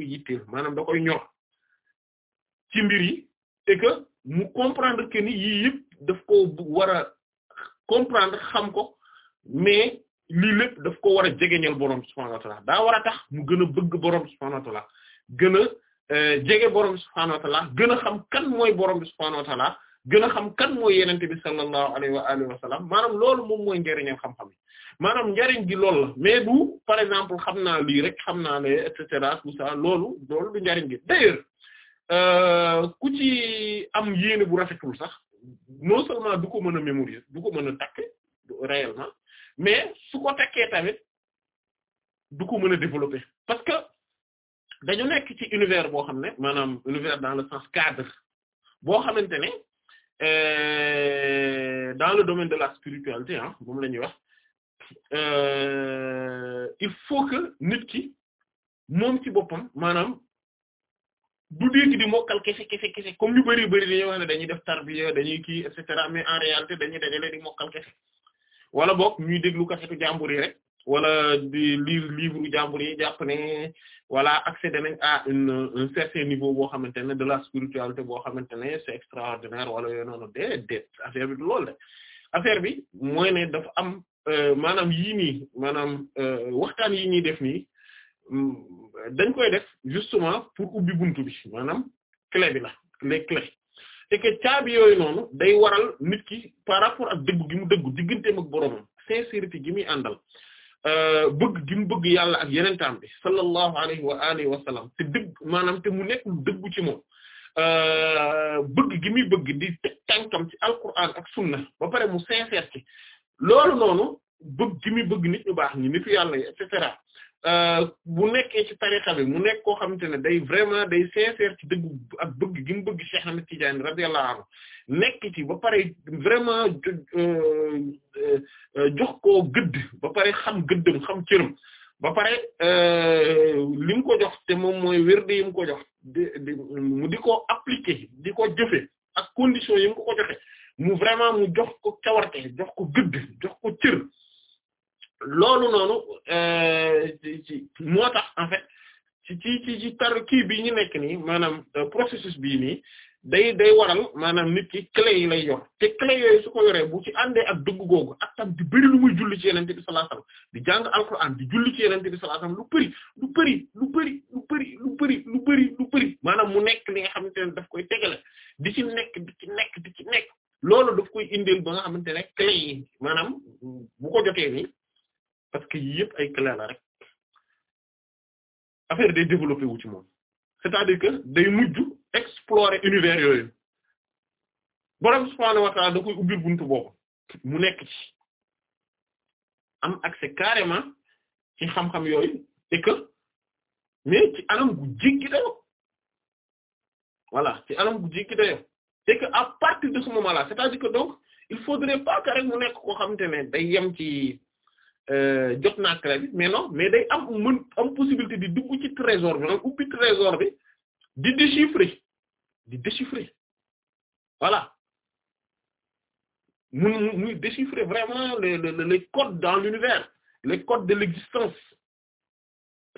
maanaam da koy ñor ci mbir yi et que mu comprendre que ni yii yëpp daf ko war a comprendre xam ko mais lii lépp daf ko war a jegeñal borom subhanahu wa ta'ala daa war a tax mu gën a bëgg borom subhanahu wa gën Euh, jege borom bi subhaanahu gën a xam kan mooy borom bi subhaanahu gën a xam kan mooy yenente bi sallallahu alayhi wa alihi wa sallam maanaam loolu moom mooy njëriñam xam-xam yi maanaam njëriñ gi loolu la mais du par exemple xam naa lii rek xam naa ne et cetera tout ça loolu loolu du njëriñ gi d'ailleurs euh, ku ci am yéene bu rafetul sax non seulement du ko mën a mémoriser du ko mën a takk mais su ko takkee tamit du ko mën a développer dañu nekk ci univers boo xam ne maanaam univers dans le sens cadre boo xamante ne euh, dans le domaine de la spiritualité ah moom la ñuy wax euh, il faut que nit ki moom ci boppam maanaam du dégg di mokkal kese kese kese comme ñu bari bari dañuy wax ne dañuy def tarbiya dañuy kii et cetera mais en réalité dañuy dajale di mokkal kese wala boog mi déglu kasetu jàmbur yi rek wala di lire livre jàmbur yi jàpp ne voilà accéder nañ à un certain niveau boo xamante ne de la spiritualité boo xamante ne c'est extraordinaire wala yooyu noonu déedéet affaire bi loolu la affaire bi mooy ne dafa am euh, maanaam yii nii maanaam euh, waxtaan yi ñuy def nii mm, dañ koy def justement pour ubbi buntu bi maanaam clé bi la les clés et que caabi yooyu noonu day waral nit ki par rapport ak dëggu gi mu dëggu digganteem ak boroomam sincérité gi muy àndal Euh, bëgg gi mu bëgg yàlla ak yenentaan bi sallallahu alayhi wa alihi wa sallam te dëgg maanaam te mu nekk lu dëggu ci moom euh, bëgg gi muy bëgg di teg tànkam ci alquran ak sunna ba pare mu sincère ci loolu noonu bëgg gi muy bëgg nit ñu baax ñi nitu yàlla yi et Euh, bu nekkee ci tariqa bi mu nekk koo xamante ne day vraiment day sincère ci dëgg ak bëgg gi mu bëgg Cheikh Ahmed Tidiane radiyallahu anhu nekk ci ba pare vraiment euh, euh, jox koo gëdd ba pare xam gëddam xam cëram ba pare li mu ko jox te moom mooy wérde yi mu ko jox di mu di ko appliquer di ko jëfe ak condition yi mu ko ko joxe mu vraiment mu jox ko cawarte jox ko gëdd jox ko cër loolu noonu ci euh, moo tax en fait ci ci ci tar kii bi ñu nekk nii maanaam euh, processus bii nii day day waral maanaam nit ki clé yi lay yor te clé yooyu su ko bu ci àndee ak dëgg googu ak tam di bëri lu muy julli ci yenente bi sallallahu alayhi wasallam di jàng alquran di julli ci yenente bi sallallahu alayhi lu bëri lu bëri lu bari lu bëri lu bëri lu bëri lu bëri maanaam mu nekk li nga xamante ne daf koy tegale di ci nekk di ci nekk di ci nekk loolu daf koy indil ba nga xamante ne clé yi maanaam bu ko jotee nii parce que yii ay clé la rek affaire day développé wu ci moom c'est-à-dire que day mujj explorer univers yooyu borom subhaanahu wa da koy ubbil buntu boobu mu nekk ci am accès carrément ci xam-xam yooyu et que mais ci anam gu jéggi dayoo ci anam gu jéggi et que à de ce cest c'est-à-dire que donc il faudrait pas que rek mu nekk koo xamante ne day yem ci. Euh, jot naa crédit mais non mais day am mën am possibilité di dugg ci trésor bi maanaam ubbi trésor bi di déchiffrer di déchiffrer voilà muy muy déchiffrer vraiment les les les codes dans l'univers les codes de l'existence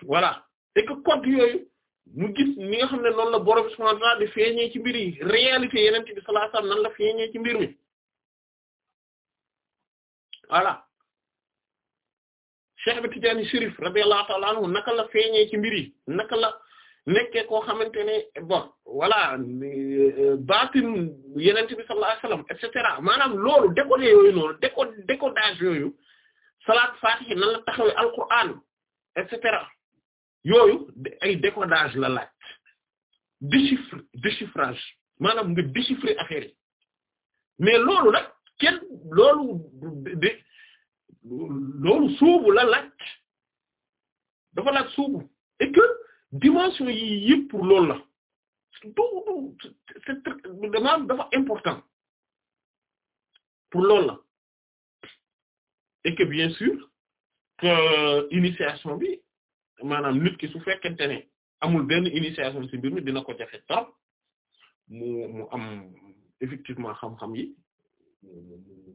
voilà et que yooyu mu gis ni nga xam ne noonu la borom subhanahu wa ta'ala di feeñee ci mbir yi réalité yeneen bi sallallahu alayhi wasallam la feeñee ci mbir mi voilà Cheikh bi Tidiane Chérif radiyallahu ta'ala naka la feeñee ci mbir naka la nekkee koo xamante ne bon voilà baatin yenent bi sallallahu alayhi wasallam et cetera maanaam loolu décoder yooyu noonu déco décodage yooyu salaat faatihi nan la taxawee alquran et cetera yooyu ay décodage la laaj déchiffre déchiffrage maanaam nga déchiffrer affaire mais loolu nag kenn loolu de loolu suubu la laaj dafa laaj suubu et dimension yi yëpp pour loolu la du c'est très demande dafa important pour loolu la et bien sûr que initiation bi maanaam nit ki su fekkente ne amul benn initiation ci mbir mi dina ko jafe trop mu mu am effectivement xam-xam yi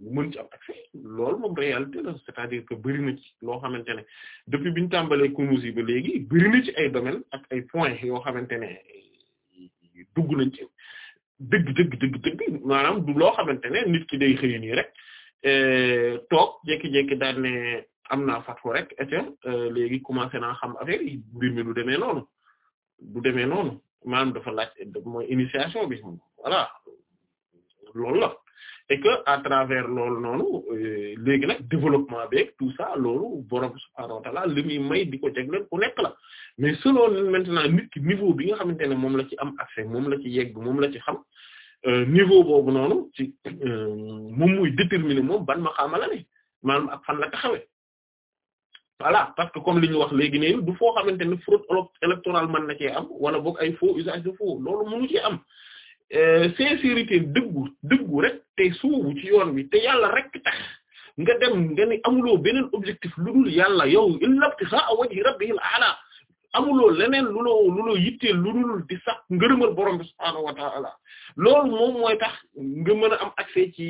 mën ci am accès loolu moom réalité la c'est-à-dire que bëri na ci loo xamante ne depuis bi ñu tàmbalee Kunûz yi ba léegi bëri ay domaines ak ay points yoo xamante ne dugg nañ ci dëgg dëgg dëgg dëgg maanaam du loo xamante ne nit ki day xëy nii rek euh, toog jékki-jékki daal ne am naa fatwa rek et euh, léegi commencé naa xam affaire yi mi du demee noonu du demee noonu maanaam dafa laaj mooy initiation bi voilà loolu la. et que à travers loolu noonu euh, léegi nag développement beeg tout ça loolu borom subhaanahu wa li muy may di ko jagleel ku nekk la mais selon maintenant nit ki niveau bi nga xamante ne moom la ci am accès moom la ci yegg moom la ci xam euh, niveau boobu noonu ci euh, moom muy déterminer moom ban ma xaama la ne maanaam ak fan la taxawee voilà parce que comme li ñu wax léegi ne du foo xamante ne fraude électorale mën na cee am wala boog ay faux usage de faux loolu am Euh, sincérité dëggu dëggu rek te suubu ci yoon wi te yàlla rek tax nga dem nga ni amuloo beneen objectif lu dul yàlla yow illa ibtighaa wajhi rabbihil a'la amuloo leneen lu loo lu loo yitteel lu dul di sax ngërëmal borom bi subhaanahu wa ta'ala loolu moom mooy tax nga mën a am accès ci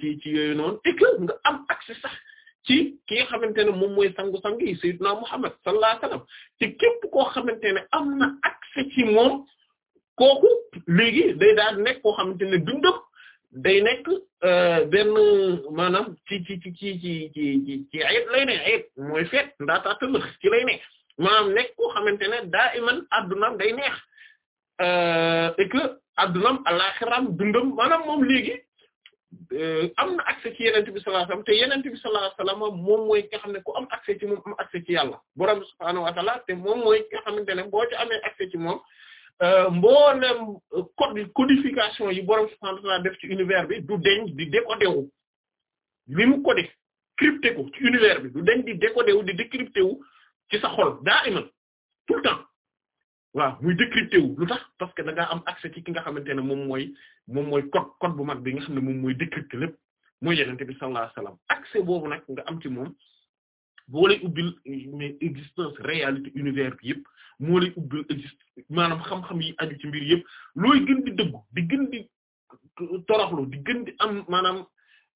ci ci yooyu noonu et que nga am accès sax ci ki nga xamante ne moom mooy sangu-sang yi sayyidina Muhammad sallallahu alayhi wasallam ci képp koo xamante ne am na accès ci moom kooku léegi day daal nekk koo xamante ne dundam day nekk euh, benn maanaam ci ci ci ci ci ci ci ci ayib lay ne ayib mooy feet ndaataata la ci lay maanaam nekk koo xamante ne daa iman addunaam day neex euh, et que addunaam alaxiram dundam maanaam moom léegi euh, am na accès ci yenent bi sallallahu alayhi wasallam te yenent bi sallallahu alayhi wasallam moom ki nga xam ne ku am accès ci moom am accès ci yàlla borom subhaanahu wa ta'ala ki nga Euh, mboolem euh, code codification yi borom subhaanahu wa ta'aala def ci univers bi du deñ di décoder wu li mu codé crypté ko ci univers bi du deñ di décoder wu di décrypté wu ci sa xol daa iman tout le temps waaw muy décrypté wu lu tax parce que da am accès ci ki nga xamante ne moom mooy moom mooy code code bu mag bi nga xam ne moom mooy décrypté lépp mooy yenente bi sallallahu accès boobu nag nga am ci moom boo lay ubbil mais existence réalité univers bi yëpp moo lay ubbil existe maanaam xam-xam yi aju ci mbir yëpp looy gën di dëggu di gën di toroxlu di gën di am maanaam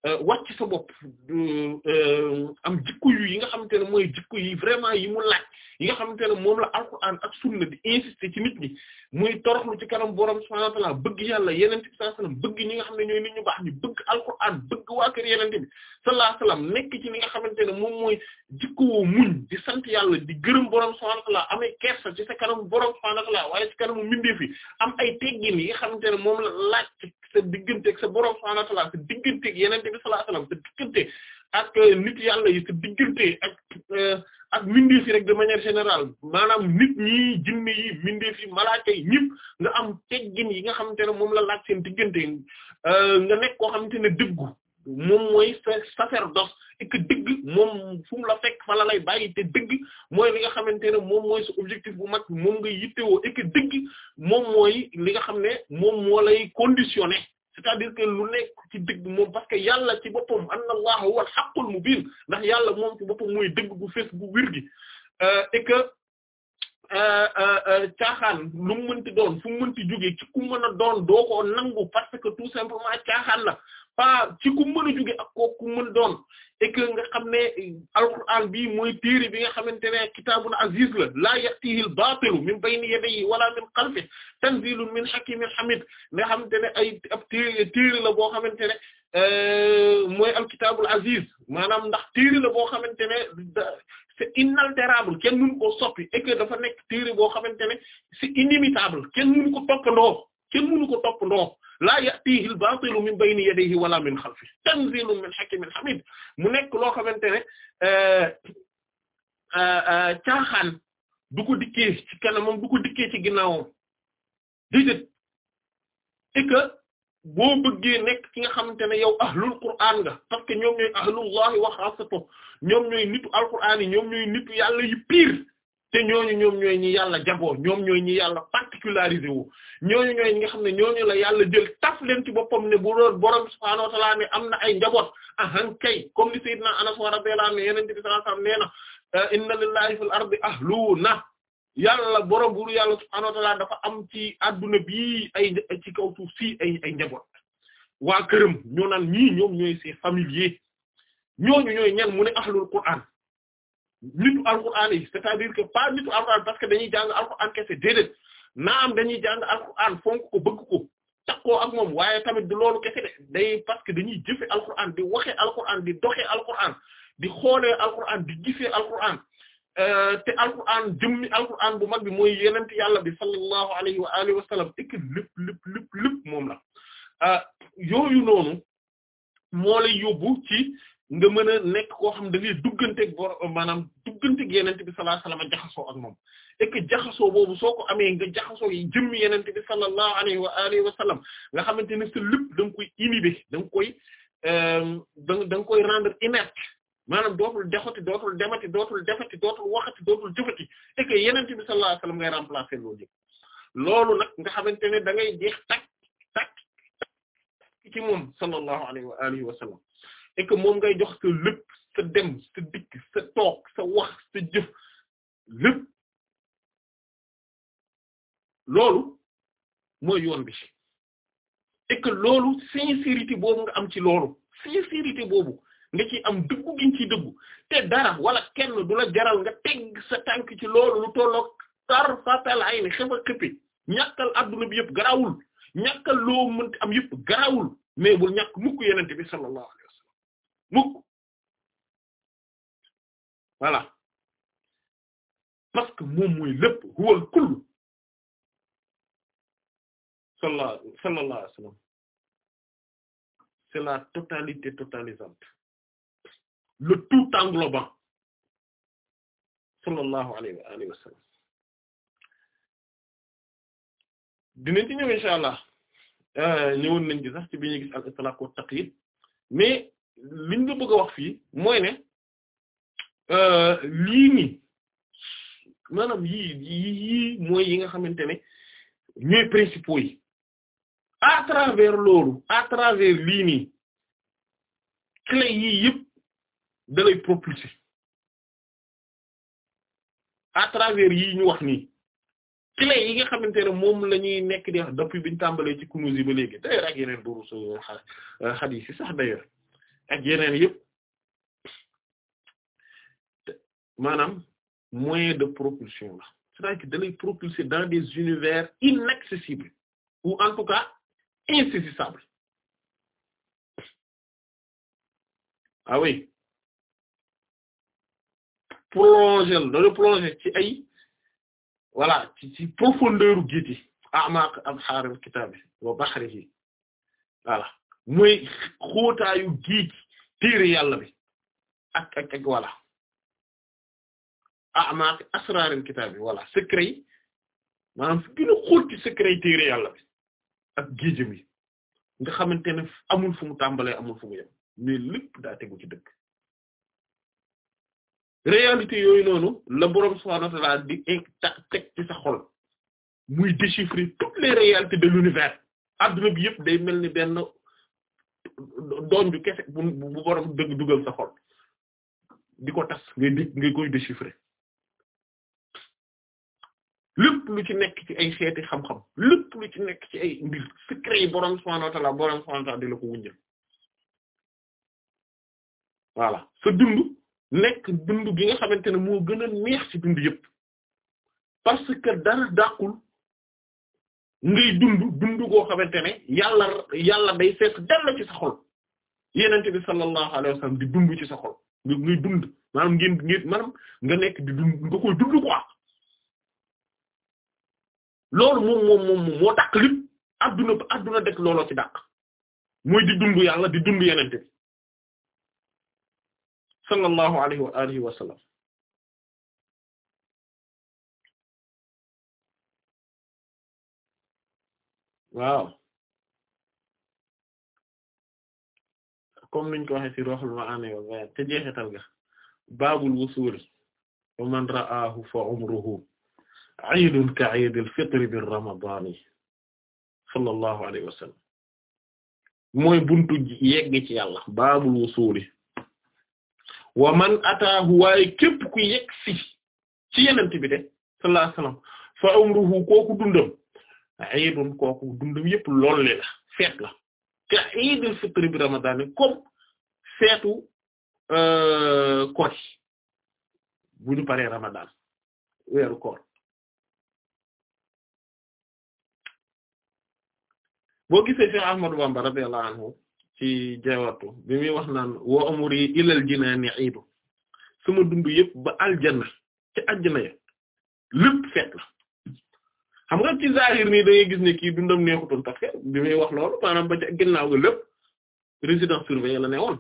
euh, wàcc sa bopp euh, am jikko yu yi nga xamante ne mooy jikko yi vraiment yi mu laaj yi nga xamante ne moom la alquran ak sunna di insister ci nit ñi muy toroxlu ci kanam borom subhaanahu wa bëgg yàlla yenente bi sallallahu bëgg ñi nga xam ne ñooy nit ñu baax ñi bëgg alquran bëgg waa kër yenente bi sallallahu nekk ci li nga xamante ne moom mooy jikkoo muñ di sant yàlla di gërëm borom subhaanahu wa ta'aala amee kersa ci sa kanam borom subhaanahu wa ta'aala waaye ci kanamu mbindeef yi am ay teggin yi nga xamante ne moom la laaj sa digganteeg sa borom subhaanahu wa ta'aala sa digganteeg yenente bi sallallahu alayhi sa diggante ak euh, nit yàlla yi sa diggante ak euh, ak mbindeef yi de manière générale maanaam nit ñi jinne yi mbindeef fi malaaka yi ñëpp nga am teggin yi nga xamante ne moom la laaj seen diggante euh, nga nekk koo xamante ne dëggu moom mooy sacerdoce et que dëgg moom fu mu la fekk fa la lay bàyyi te dëgg mooy li nga xamante ne moom mooy sa objectif bu mag moom nga yite et que dëgg moom mooy li nga xam ne moom moo lay conditionné c'est-à-dire que lu nekk ci dëgg moom parce que yàlla ci boppam anna allaha huwa al-haqqul mubin ndax yàlla moom ci boppam mooy dëgg gu fees gu wir gi euh, et que euh, euh, caaxaan lu mu mënti doon fu mu mënti jóge ci ku mën a doon doo ko nangu parce que tout simplement caaxaan la pas ci ku mën a jóge ak koo ku doon et que nga xam ne euh, alquran bii mooy téere bi nga xamante ne kitaabun aziz la laa ya'tihi al-baatilu min bayni yadayhi wala min xalfihi tanzilun min hakimin hamid nga xamante ne ay ab téere téere la boo xamante ne euh, mooy alkitaabul aziz maanaam ndax téere la boo xamante ne c'est inaltérable kenn mënu ko soppi et dafa nekk téere boo xamante ne c'est inimitable kenn mënu ko toppandoo kenn mënu ko toppandoo laa ya'tiihi al-baatilu min bayni yadayhi wala min xalfihi tanziilun min hakiimin hamiid mu nekk loo xamante ne euh, euh, euh, caaxaan du ko dikkee ci kanamam du ko dikkee ci ginnaawam déedéet et que boo bëggee nekk ki nga xamante ne yow ahlul qur'aan nga parce que ñoom ñooy ahlullahi wa xaasatuhu ñoom ñooy nitu alqur'aan yi ñoom ñooy nitu yàlla yi pire te ñooñu ñoom ñooy yàlla jagoo ñoom ñooy ñi yàlla particularisé wu ñooñu ñooy ñi nga xam ne ñooñu la yàlla jël taf leen ci boppam ne bu doon borom subhaanahu wa ta'aala am na ay njaboot ahan kay comme li sayyidina Anas radiyallahu anhu yonent bi sallallahu alayhi wasallam nee na eh, inna lillahi fil ardi na yàlla borom buru yàlla subhaanahu wa dafa am ci adduna bi ay ci kaw suuf si ay ay njaboot waa këram ñoo naan ñii ñoom ñooy ses familiers ñooñu ñooy ñan mu ne Qur'an nitu alquran yi c'est-à-dire que pas nitu alquran parce que dañuy jàng alquran kese déedéet naa am dañuy jàng alquran fonk ko bëgg ko takkoo ak moom waaye tamit du loolu kese de day parce que dañuy jëfe alquran di waxee alquran di doxee alquran di xoolee alquran di gisee alquran euh, te alquran jëmmi alquran bu mag bi mooy yenent yàlla bi sallallahu alayhi wa alihi wa sallam et que lépp lépp lépp moom la euh, yooyu noonu moo lay ci nga mën a nekk koo xam da ngay dugganteeg bor maanaam dugganteeg yenent bi sallallahu alayhi wasallam jaxasoo moom et que jaxasoo boobu ko amee nga jaxasoo yi jëmm yenent bi sallallahu alayhi wa alihi wa sallam nga xamante ne sa lépp da nga koy inhiber da nga koy euh, da da nga koy rendre inerte maanaam dootul dexati dootul demati dootul defati dootul waxati dootul jëfati et que yenent bi sallallahu alayhi wasallam loolu nag nga xamante ne da ngay jeex tak tak tak ci moom sallallahu alayhi wa alihi wa sallam et moom ngay jox que lépp sa dem sa dikk sa toog sa wax sa jëf lépp loolu mooy yoon bi et que loolu sincérité boobu nga am ci loolu sincérité boobu nga ciy am dëggu giñ ci dëggu te dara wala kenn du la jaral nga tegg sa tànk ci loolu lu tolloog tarfatal ayni xëfa xëppi ñàkkal adduna bi yëpp garawul ñàkkal loo mënti am yëpp garawul mais bul ñàkk mukk yenente bi sallallahu mukk voilà parce que moom mooy lépp huwal kull sallallahu sallallahu alayhi wa c'est la totalité totalisante le tout englobant sallallahu alayhi wa alihi wa sallam dinañ ci ñëw insha allah euh, ñëwoon nañ ci sax ci bi ñuy al itlaq wa taqyid mais liñ nga bëgg wax fii mooy ne euh, lii nii maanaam yii yii mooy yi nga xamante ne ñooy principaux yi à travers loolu à lii nii clé yii yëpp da lay propulser yii ñu wax nii clé yi nga xamante ne moom lañuy nekk di wax depuis biñ tàmbalee ci Kunûz ba léegi d'ailleurs ak yeneen duruus euh, xadiis euh, yi sax d'ailleurs ak yeneen yëpp maanaam de propulsion la cest à propulser dans des univers inaccessibles ou en tout cas insaisissables ah oui plonger la dala ci ay voilà ci ci profondeur géej gi amak am xaaral kitaab bi wa baxrihi mooy xóotaayu géej téere yàlla bi ak ak ak wala ah, a'maaq asraarul kitaab bi wala secret yi maanaam fi gën a ci secret yi téere yàlla bi ak géejëm yi nga xamante ne amul fu mu tàmbalee amul fu mu yem mais lépp daa tegu ci dëkk réalité yooyu noonu la boroom subhaanahu wa teg ci sa xol muy déchiffrer toutes les réalités de l'univers adduna bi yëpp day mel ni benn doon ju kese bu bu borom dëgg sa xol di ko tas ngay di ngay koy déchiffrer lépp lu ci nekk ci ay xeeti xam-xam lépp lu ci nekk ci ay mbir secret yi borom subhaanahu wa ta'aala di la ko wuññal voilà sa dund nekk dund gi nga xamante ne moo gën a neex ci dund yëpp parce que dara dàqul. ngay dund dund koo xamante ne yàlla yàlla day fees dell ci sa xol yenente bi sallallahu alayhi di dund ci sa xol nga ngay dund maanaam ngeen ngeen maanaam nga nekk di dund nga koy dund quoi loolu moom moom moom moo dàq lépp adduna ba adduna dëkk looloo ci dàq mooy di dund yàlla di dund yenente bi sallallahu alayhi wa alihi wa sallam waaw comme niñ ko waxee ci Ruuhul Maani wal Bayaan te jeexital ga baabul wusuul wa man ra'aahu fa umruhu iidun ka iidil fitri bir ramadaani sallallahu alayhi wa sallam mooy buntu yegg ci yàlla baabul wusuuli wa man ataahu waaye képp ku yegg ci yenent bi de sallallahu wa sallam fa umruhu kooku dundam iidun kooku dundum yëpp loolu la feet la te iidul fitr bi ramadan euh, yi comme bu ñu paree ramadan weeru koor boo gisee Cheikh Ahmadou Bamba radiyallahu anhu ci jeewatu bi muy wax naan wa umri ilal jinaani iidu suma dund yëpp ba aljanna ci aljanna ya lépp xam nga ci zahir nii da ngay gis ne kii dundam neexutoon parce que bi muy wax loolu maanaam ba ca ginnaaw ga lépp résidence surveillée la ne woon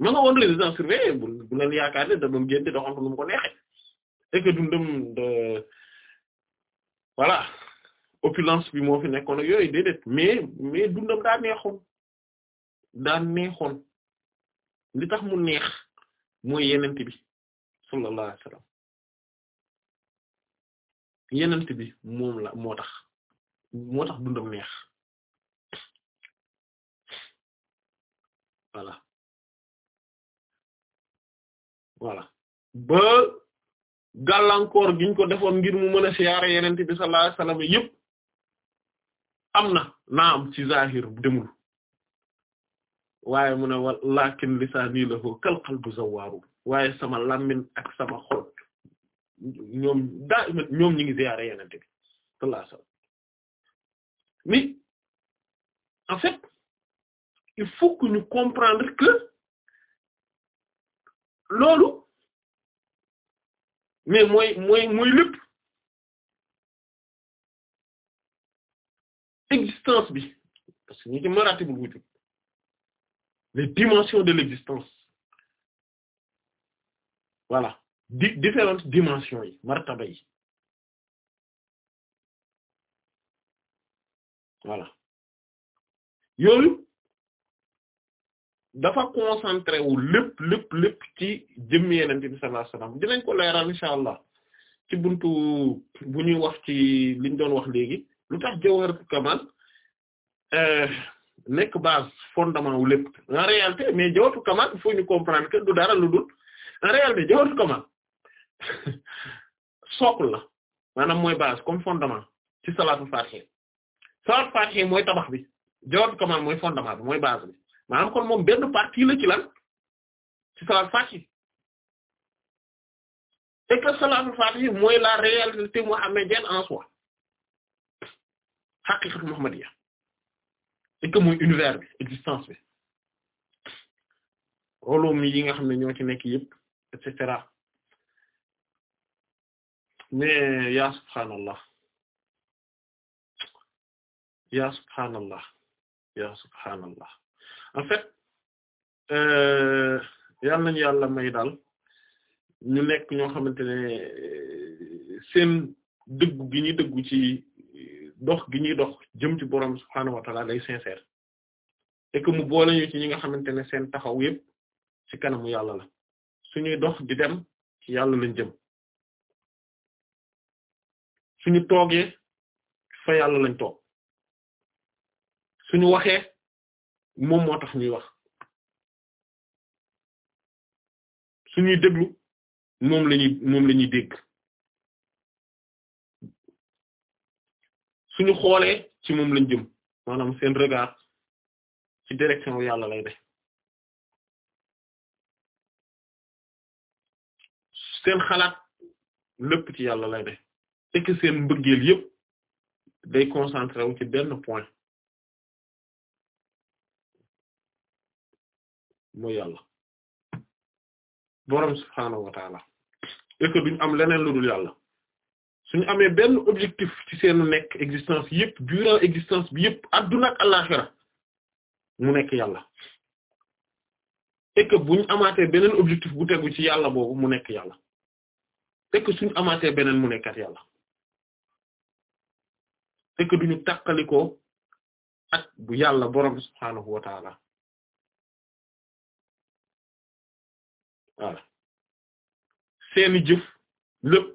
ma nga résidence surveillée bu bu leen yaakaar ne da doon génn doxantu nu mu ko neexee et dundam de opulence bi moo fi nekkoon ak yooyu déedéet mais mais dundam daa neexoon daa neexoon li tax mu neex mooy yenent bi yenent bi moom la moo tax moo tax dundam neex voilà voilà ba gàllankoor giñ ko defoon ngir mu mën a siyaare yenent bi sallallahu alayhi wasallam yëpp na naa am ci zahir demul waaye mu ne wa lakin lisaani lahu kal qalbu zawaaru waaye sama làmmiñ ak sama xol ñoom daa ñoom ñu ngi bi sallallahu alayhi wasallam mais en fait il faut que ñu comprendre que loolu mais mooy mooy mooy existence bi parce que ñu ci maratibul wujud les de l'existence voilà di différentes dimensions yi martaba yi voilà yooyu dafa concentré wu lépp lépp ci jëmm yeneen bi sallallahu alayhi wasallam dinañ ko leeral insha allah ci buntu bu ñuy wax ci liñ doon wax léegi lu tax Jawharatul Kamal euh, nekk base fondement wu lépp en réalité mais Jawharatul Kamal il ñu comprendre que du dara lu dul en réalité Jawharatul Kamal socle la maanaam mooy base comme fondement ci salaatul faatiha salaatul faatiha mooy tabax bi jawaatul kamaal mooy fondement bi mooy base bi maanaam kon moom benn partie la ci lan ci salaatul faatiha et que salaatul mooy la réalité mohammedienne en soi xaqiqatu muhammadiyya et que mooy univers bi existence bi oloom yi nga xam ne ñoo ci nekk yëpp et cetera. ne yaa subhaanallah yaa subhaanallah yaa subhaanallah en fait yal nañu yàlla may daal ñu nekk ñoo xamante ne seen dëggu gi ñuy dëggu ci dox gi ñuy dox jëm ci borom subhaanahu wa ta'ala day sincère mu boole ñu ci ñi nga xamante ne seen taxaw yépp ci kanamu yàlla la suñuy dox di dem yàlla lañ jëm. suñu toogee fa yàlla lañ toog suñu waxee moom moo tax ñuy wax suñuy déglu moom lañuy moom lañuy dégg suñu xoolee ci moom lañ jëm maanaam seen regard ci direction yàlla lay def seen xalaat lépp ci yàlla lay def et que seen mbëggeel yëpp day concentré ci benn point mooy yàlla boroom subhaanahu wa taala et am leneen lu dul yàlla suñu amee benn objectif ci seenu nekk existence yëpp durant existence bi yëpp adduna ak mu nekk yàlla et que buñ amaatee beneen objectif bu tegu ci yàlla boobu mu nekk yàlla et que suñ amaatee beneen mu nekkat yàlla et que duñu tàqalikoo ak bu yàlla borom subhaanahu wa taala seeni jëf lépp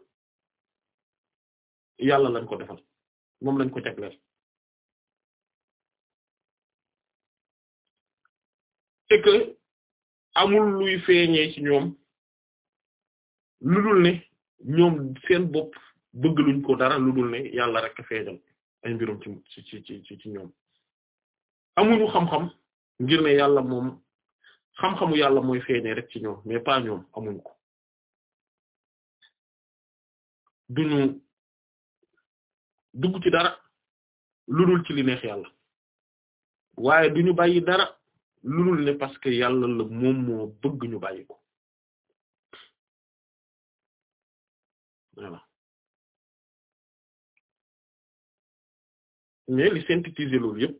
yàlla lañ ko defal moom lañ ko jagleel et que amul luy feeñee ci ñoom lu dul ne ñoom seen bopp bëgg luñ ko dara lu dul ne yàlla rek feeñal ay mbirum ci ci ci ci ñoom amuñu xam-xam ngir ne yàlla moom xam-xamu yàlla mooy feeñee rek ci ñoom mais pas ñoom amuñu ko duñu dugg ci dara lu dul ci li neex yàlla waaye duñu bàyyi dara lu dul ne parce que yàlla la moom moo bëgg ñu bàyyi ko voilà mais li synthétiser loolu yëpp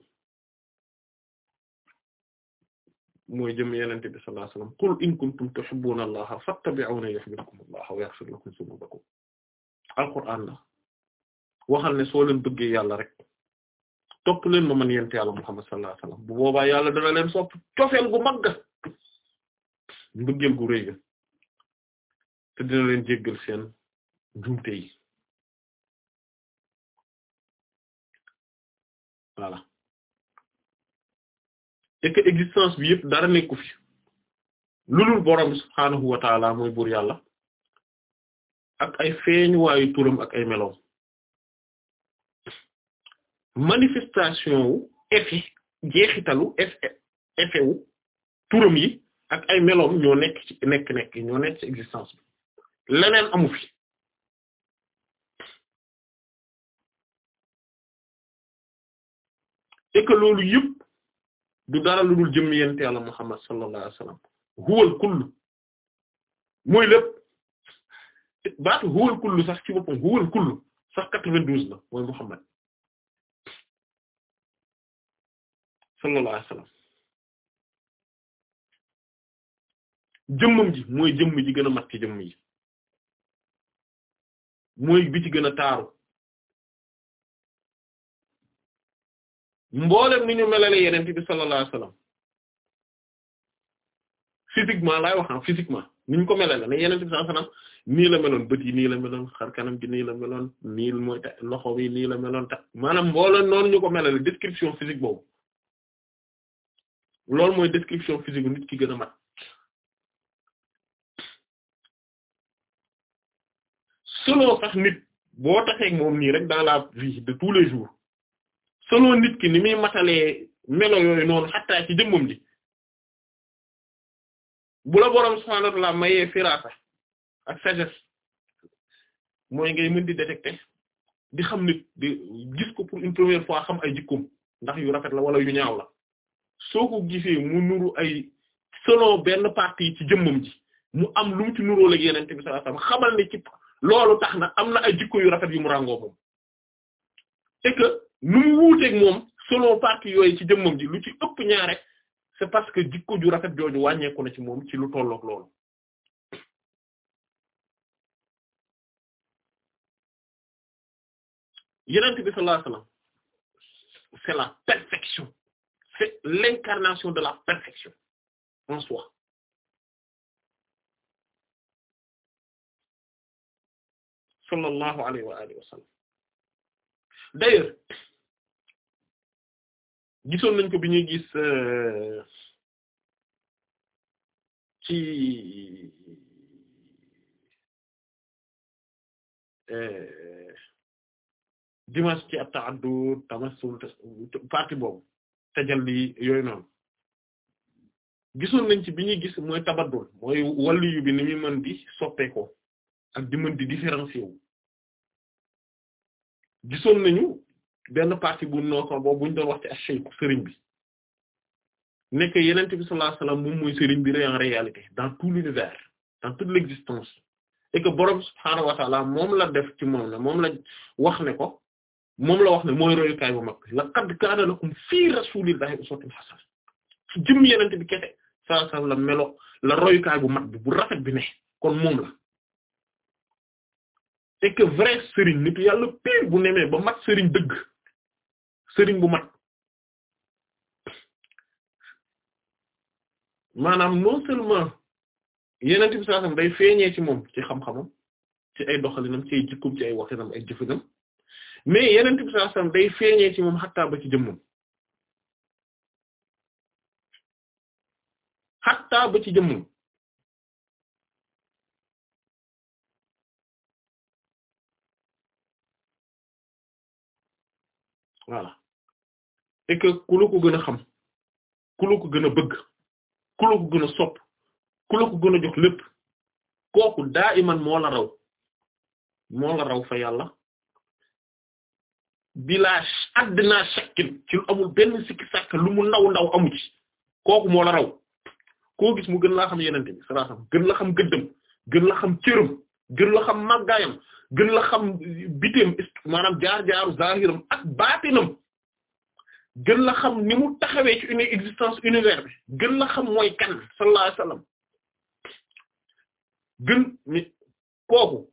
mooy jëm yenente bi sallallahu alayhi wasallam qul in kuntum tuhibbuna allaha fattabi'uni allah wa yaghfir lakum dhunubakum alquran waxal ne soo leen bëggee yàlla rek topp leen ma man yent yàlla muhammad sallallahu bu boobaa yàlla dana leen sopp cofeel gu mag mbëggeel gu rëy ga te dina leen jéggal seen jumte voilà et que existence bi yëpp dara nekku fi lu dul borom subhaanahu wa mooy buur yàlla ak ay feeñuwaayu turam ak ay meloom manifestation wu effet jeexitalu effet effet yi ak ay meloom ñoo nekk nekk nekk ñoo nekk ci existence bi leneen amu fi et que loolu yëpp du dara lu dul jëmm yent yàlla Muhammad sallallahu alayhi wasallam huwal kullu mooy lépp baatu huwal kullu sax ci boppam huwal kullu sax 92 la mooy Muhammad sallallahu alayhi jëmmam ji mooy jëmm ji gën a mat ci jëmm yi mooy bi ci gën taaru mboole ni ñu melale yeneen bi sallallahu alayhi wasallam physiquement laay waxam ah, physiquement ni ñu ko melale ne yeneen bi sallallahu alayhi wasallam nii la meloon bët yi nii la meloon xar kanam gi nii la meloon nii ta loxo yi nii la meloon maanaam mboolem noonu ñu ko melale description physique boobu loolu mooy description physique nit ki gën a mat solo sax nit boo taxee moom nii rek dans la vie de tous les jours. selon nit ki ni muy matalee melo yooyu noonu xattaa ci jëmmam ji bu la boroom subhaanahu wa ta'aala mayee firaasa ak sagesse mooy ngay mën di di xam nit di gis ko pour une fois xam ay jikkoom ndax yu rafet la wala yu ñaaw la soo ko gisee mu nuru ay selon benn partie ci jëmmam ji mu am lu mu ci nuróo la Yonent bi sallallahu alayhi xamal ne ci loolu tax na am na ay jikko yu rafet yu mu ràngoo moom nu mu moom selon parties yooyu ci jëmmam ji lu ci ëpp ñaar rek c'est parce que jikko ju rafet jooju wàññeeku na ci moom ci lu tolloog loolu yenent bi sallallahu alayhi c'est la perfection c'est l'incarnation de la perfection en soi sallallahu alayhi wa alihi wa sallam d'ailleurs gisoon nañ ko bi ñuy gis euh, ci euh, dimanche ci at-ta'addud tamassul partie boobu tajalli yooyu noonu gisoon nañ ci bi ñuy gis mooy tabaddul mooy waliyu bi ni muy mën di soppeekoo ak di mën di différencier gisoon nañu benn partie bu noosoon boobu buñ doon wax ci ash sëriñ bi nekk yenente bi sallallahu alayhi wasallam sëriñ bi en réalité dans tout l'univers dans toute l'existence et que borom subhaanahu wa moom la def ci moom ne la wax ne ko moom la wax ne mooy royukaay bu mag bi laqad kaana lakum fii rasuulillahi uswatun hasana su jëm bi bu rafet bi ne kon moom la et que vrai sëriñ nitu yàlla pire bu nemee ba mat sëriñ dëgg sëriñ bu mat maanaam non seulement yeneen bi saa day feeñee ci moom ci xam-xamam ci ay doxalinam ci ay jikkoom ci ay waxinam ay jëfinam mais yeneen bi day feeñee ci moom xattaa ba ci jëmmam xattaa ba ci jëmmam voilà et ko gën a xam ku ko gën a bëgg ku la ko gën a sopp ku gën a jox lépp kooku daa iman moo la raw moo la fa yàlla bilaa addinaa shakkin ci lu amul benn sikki lu mu ndaw ndaw amu kooku moo la raw koo gis mu gën laa xam yenente bi gën la xam gëddam gën la xam cëram gën la xam màggaayam gën la xam bitéem maanaam jaar-jaaru zahiram ak baatinam gën la xam ni mu taxawee ci une existence univers bi gën la xam mooy kan sallallahu alayhi gën ni kooku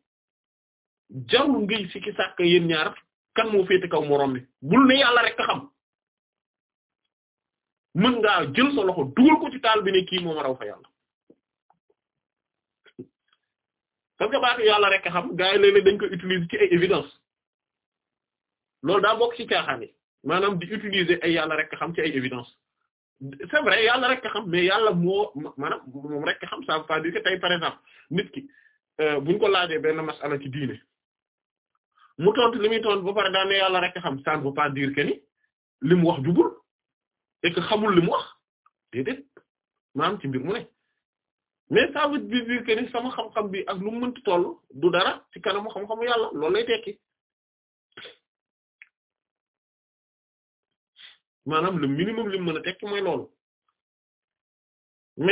jarul ngay sikki sàkk yéen ñaar kan moo féete kaw moroom bi bul ne yàlla rek ka xam mën ngaa jël sa loxo dugal ko ci taal bi ne kii moom raw fa yàlla parce que yàlla rek ka xam gars yi léeg dañ ko utiliser ci évidence loolu daal bokk ci caaxaan maanaam di utiliser ay yàlla rek xam ci ay évidence c'est vrai yàlla rek xam mais yàlla moo maanaam moom rek xam euh, buñ ko laajee benn masala ci diine mu li muy tontu ba pare daan yàlla rek xam ça ne veut pas dire que ni li mu wax jubul et xamul li mu wax déedéet maanaam ci mbir mu ne mais ça veut dire que ni sama xam-xam bi ak lu mu mënti toll du dara ci kanamu xam-xamu yàlla loolu lay tekki maanaam le minimum li mu mën a tekki mooy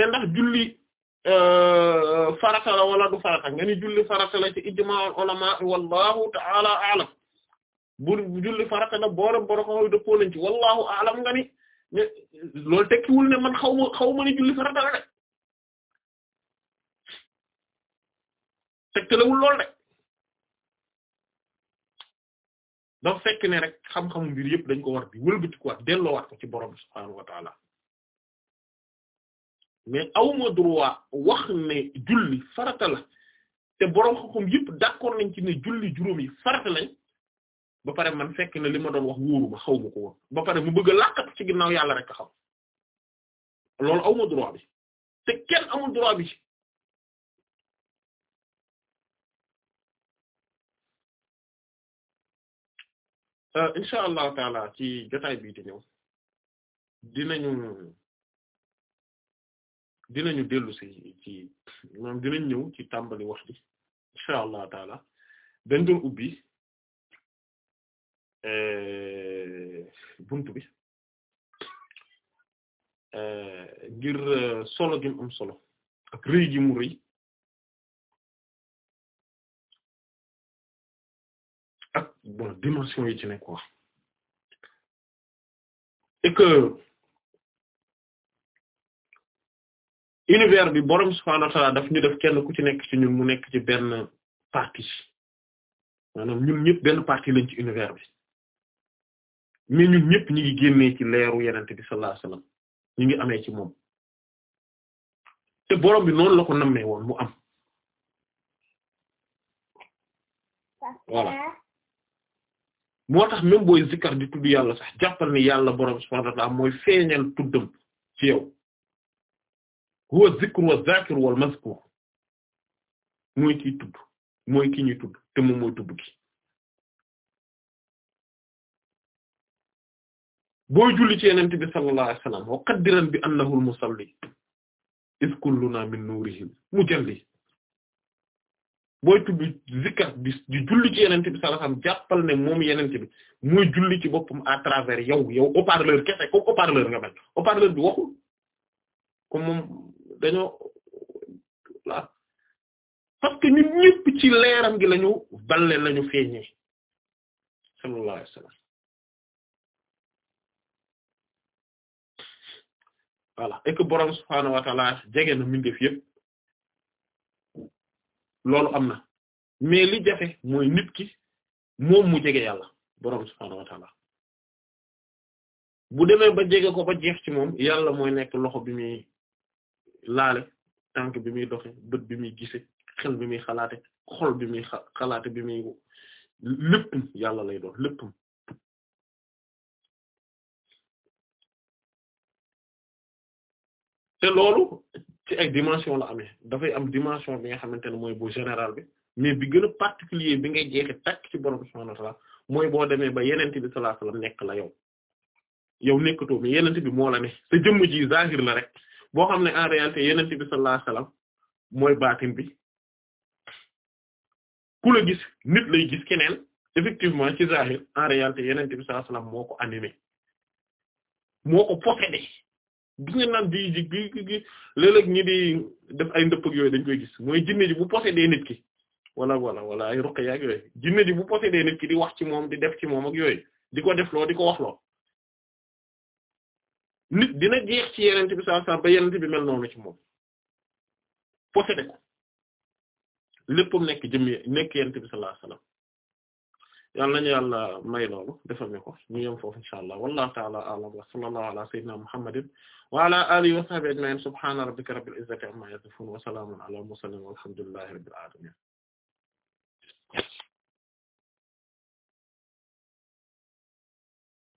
ndax julli euh, farata la wala du farata nga julli farata la ci ijma'ul ulama wallahu ta'ala a'lam bu julli farata la borom borom xaw dëppoo nañ wallahu a'lam nga ni loolu tekkiwul ne man xaw ma ni julli farata la rek tekkiwul lool rek dafa fekk ne rek xam-xamu mbir yëpp dañ ko war di wëlbatikuwaat delloowaat ko ci borom subhaanahu wa taala mais awma droit wax ne julli farata la te borom xam-xam yëpp d'accord nañ ci ne julli juróom yi farata lañ ba pare man fekk na li ma doon wax wóoru xaw ma ko woon ba pare mu bëgg a làqatu ci ginnaaw yàlla rek a xam loolu awma droit bi te kenn amul droit bi Euh, incha allah taala ci jotaay bii di ñëw dinañu dinañu dellu si ci moom dinañ ñëw ci tàmbali wax ji incha allahu taala dañ ubbi euh, buntu bi euh, ngir solo gi mu am solo ak rëy gi mu rëy bon dimension yi ci nekk quoi univers bi borom subhaanahu wa ta'aala daf ñu def kenn ku ci nekk ci ñun mu nekk ci benn partie maanaam ñun ñëpp benn partie lañ ci univers bi mais ñun ñëpp ñi ngi génnee ci leeru yenente bi sallallahu alayhi wasallam ngi amee ci moom te borom bi noonu la ko woon mu am voilà moo tax même booy zikkar di tudd yàlla sax jàppal ni yàlla borom subhaanahu wa ta'aala mooy feeñal tuddam ci yow huwa zikru wa zaakir wal mazkur mooy kiy tudd mooy ki ñuy tudd te moom mooy tudd ki booy julli ci yenent bi sallallahu alayhi wasallam wa qaddiran bi annahu al musalli iz kulluna min nuurihi mujalli booy tudd zikkar di julli ci yenente bi sallallahu jàppal ne moom yenente bi mooy julli ci boppam à travers yow yow haut-parleur kese comme haut-parleur nga mel haut-parleur bi waxul moom dañoo parce que ñun ñëpp ci leeram gi lañu balle lañu feeñee sallallahu alayhi wasallam voilà et jege na mbindeef yëpp loolu am na mais li jafe mooy nit ki moom mu jege yàlla boroom subhaanahu wa bu demee ba jege ko ba jeex ci moom yàlla mooy nekk loxo bi muy laale tànk bi muy doxe bët bi muy gise xel bi muy xalaate xol bi muy xalaate bi muy léppam yàlla lay doon léppam te loolu ci ay dimension la amee dafay am dimension bi nga xamante ne mooy bu général bi mais bi gën a particulier bi ngay jeexe takk ci borom subhaanahu wa mooy boo demee ba yeneen bi sallallahu alayhi nekk la yow yow nekkatoo mais yenent bi moo la ne sa jëmm ji zahir la rek boo xam ne en réalité yenent bi sallallahu alayhi wa sallam mooy baatin bi ku la bi sallallahu alayhi wa moo ko animé gis ngeen naan ji ji ñi di def ay ndëpp ak yooyu dañ koy gis mooy jinne ji bu possédé nit ki wala wala wala ay ruq yaak yooyu jinne ji bu possédé nit ki di wax ci moom di def ci moom ak yooyu di ko def loo di ko wax loo nit dina jeex ci yenente bi sallallahu alayhi wasallam ba yenente bi mel noonu ci moom possédé ko léppam nekk jëmm nekk yenente bi sallallahu alayhi wasallam yàlla nañu yàlla may loolu defal ñu ko ñu yem foofu insha allah wallahu ta'ala a'lam wa sallallahu ala sayyidina muhammadin wa ala alihi wa sahbihi ajma'in subhana rabbika rabbil izzati amma yasifun wa salamun ala mursalin walhamdulillahi rabbil alamin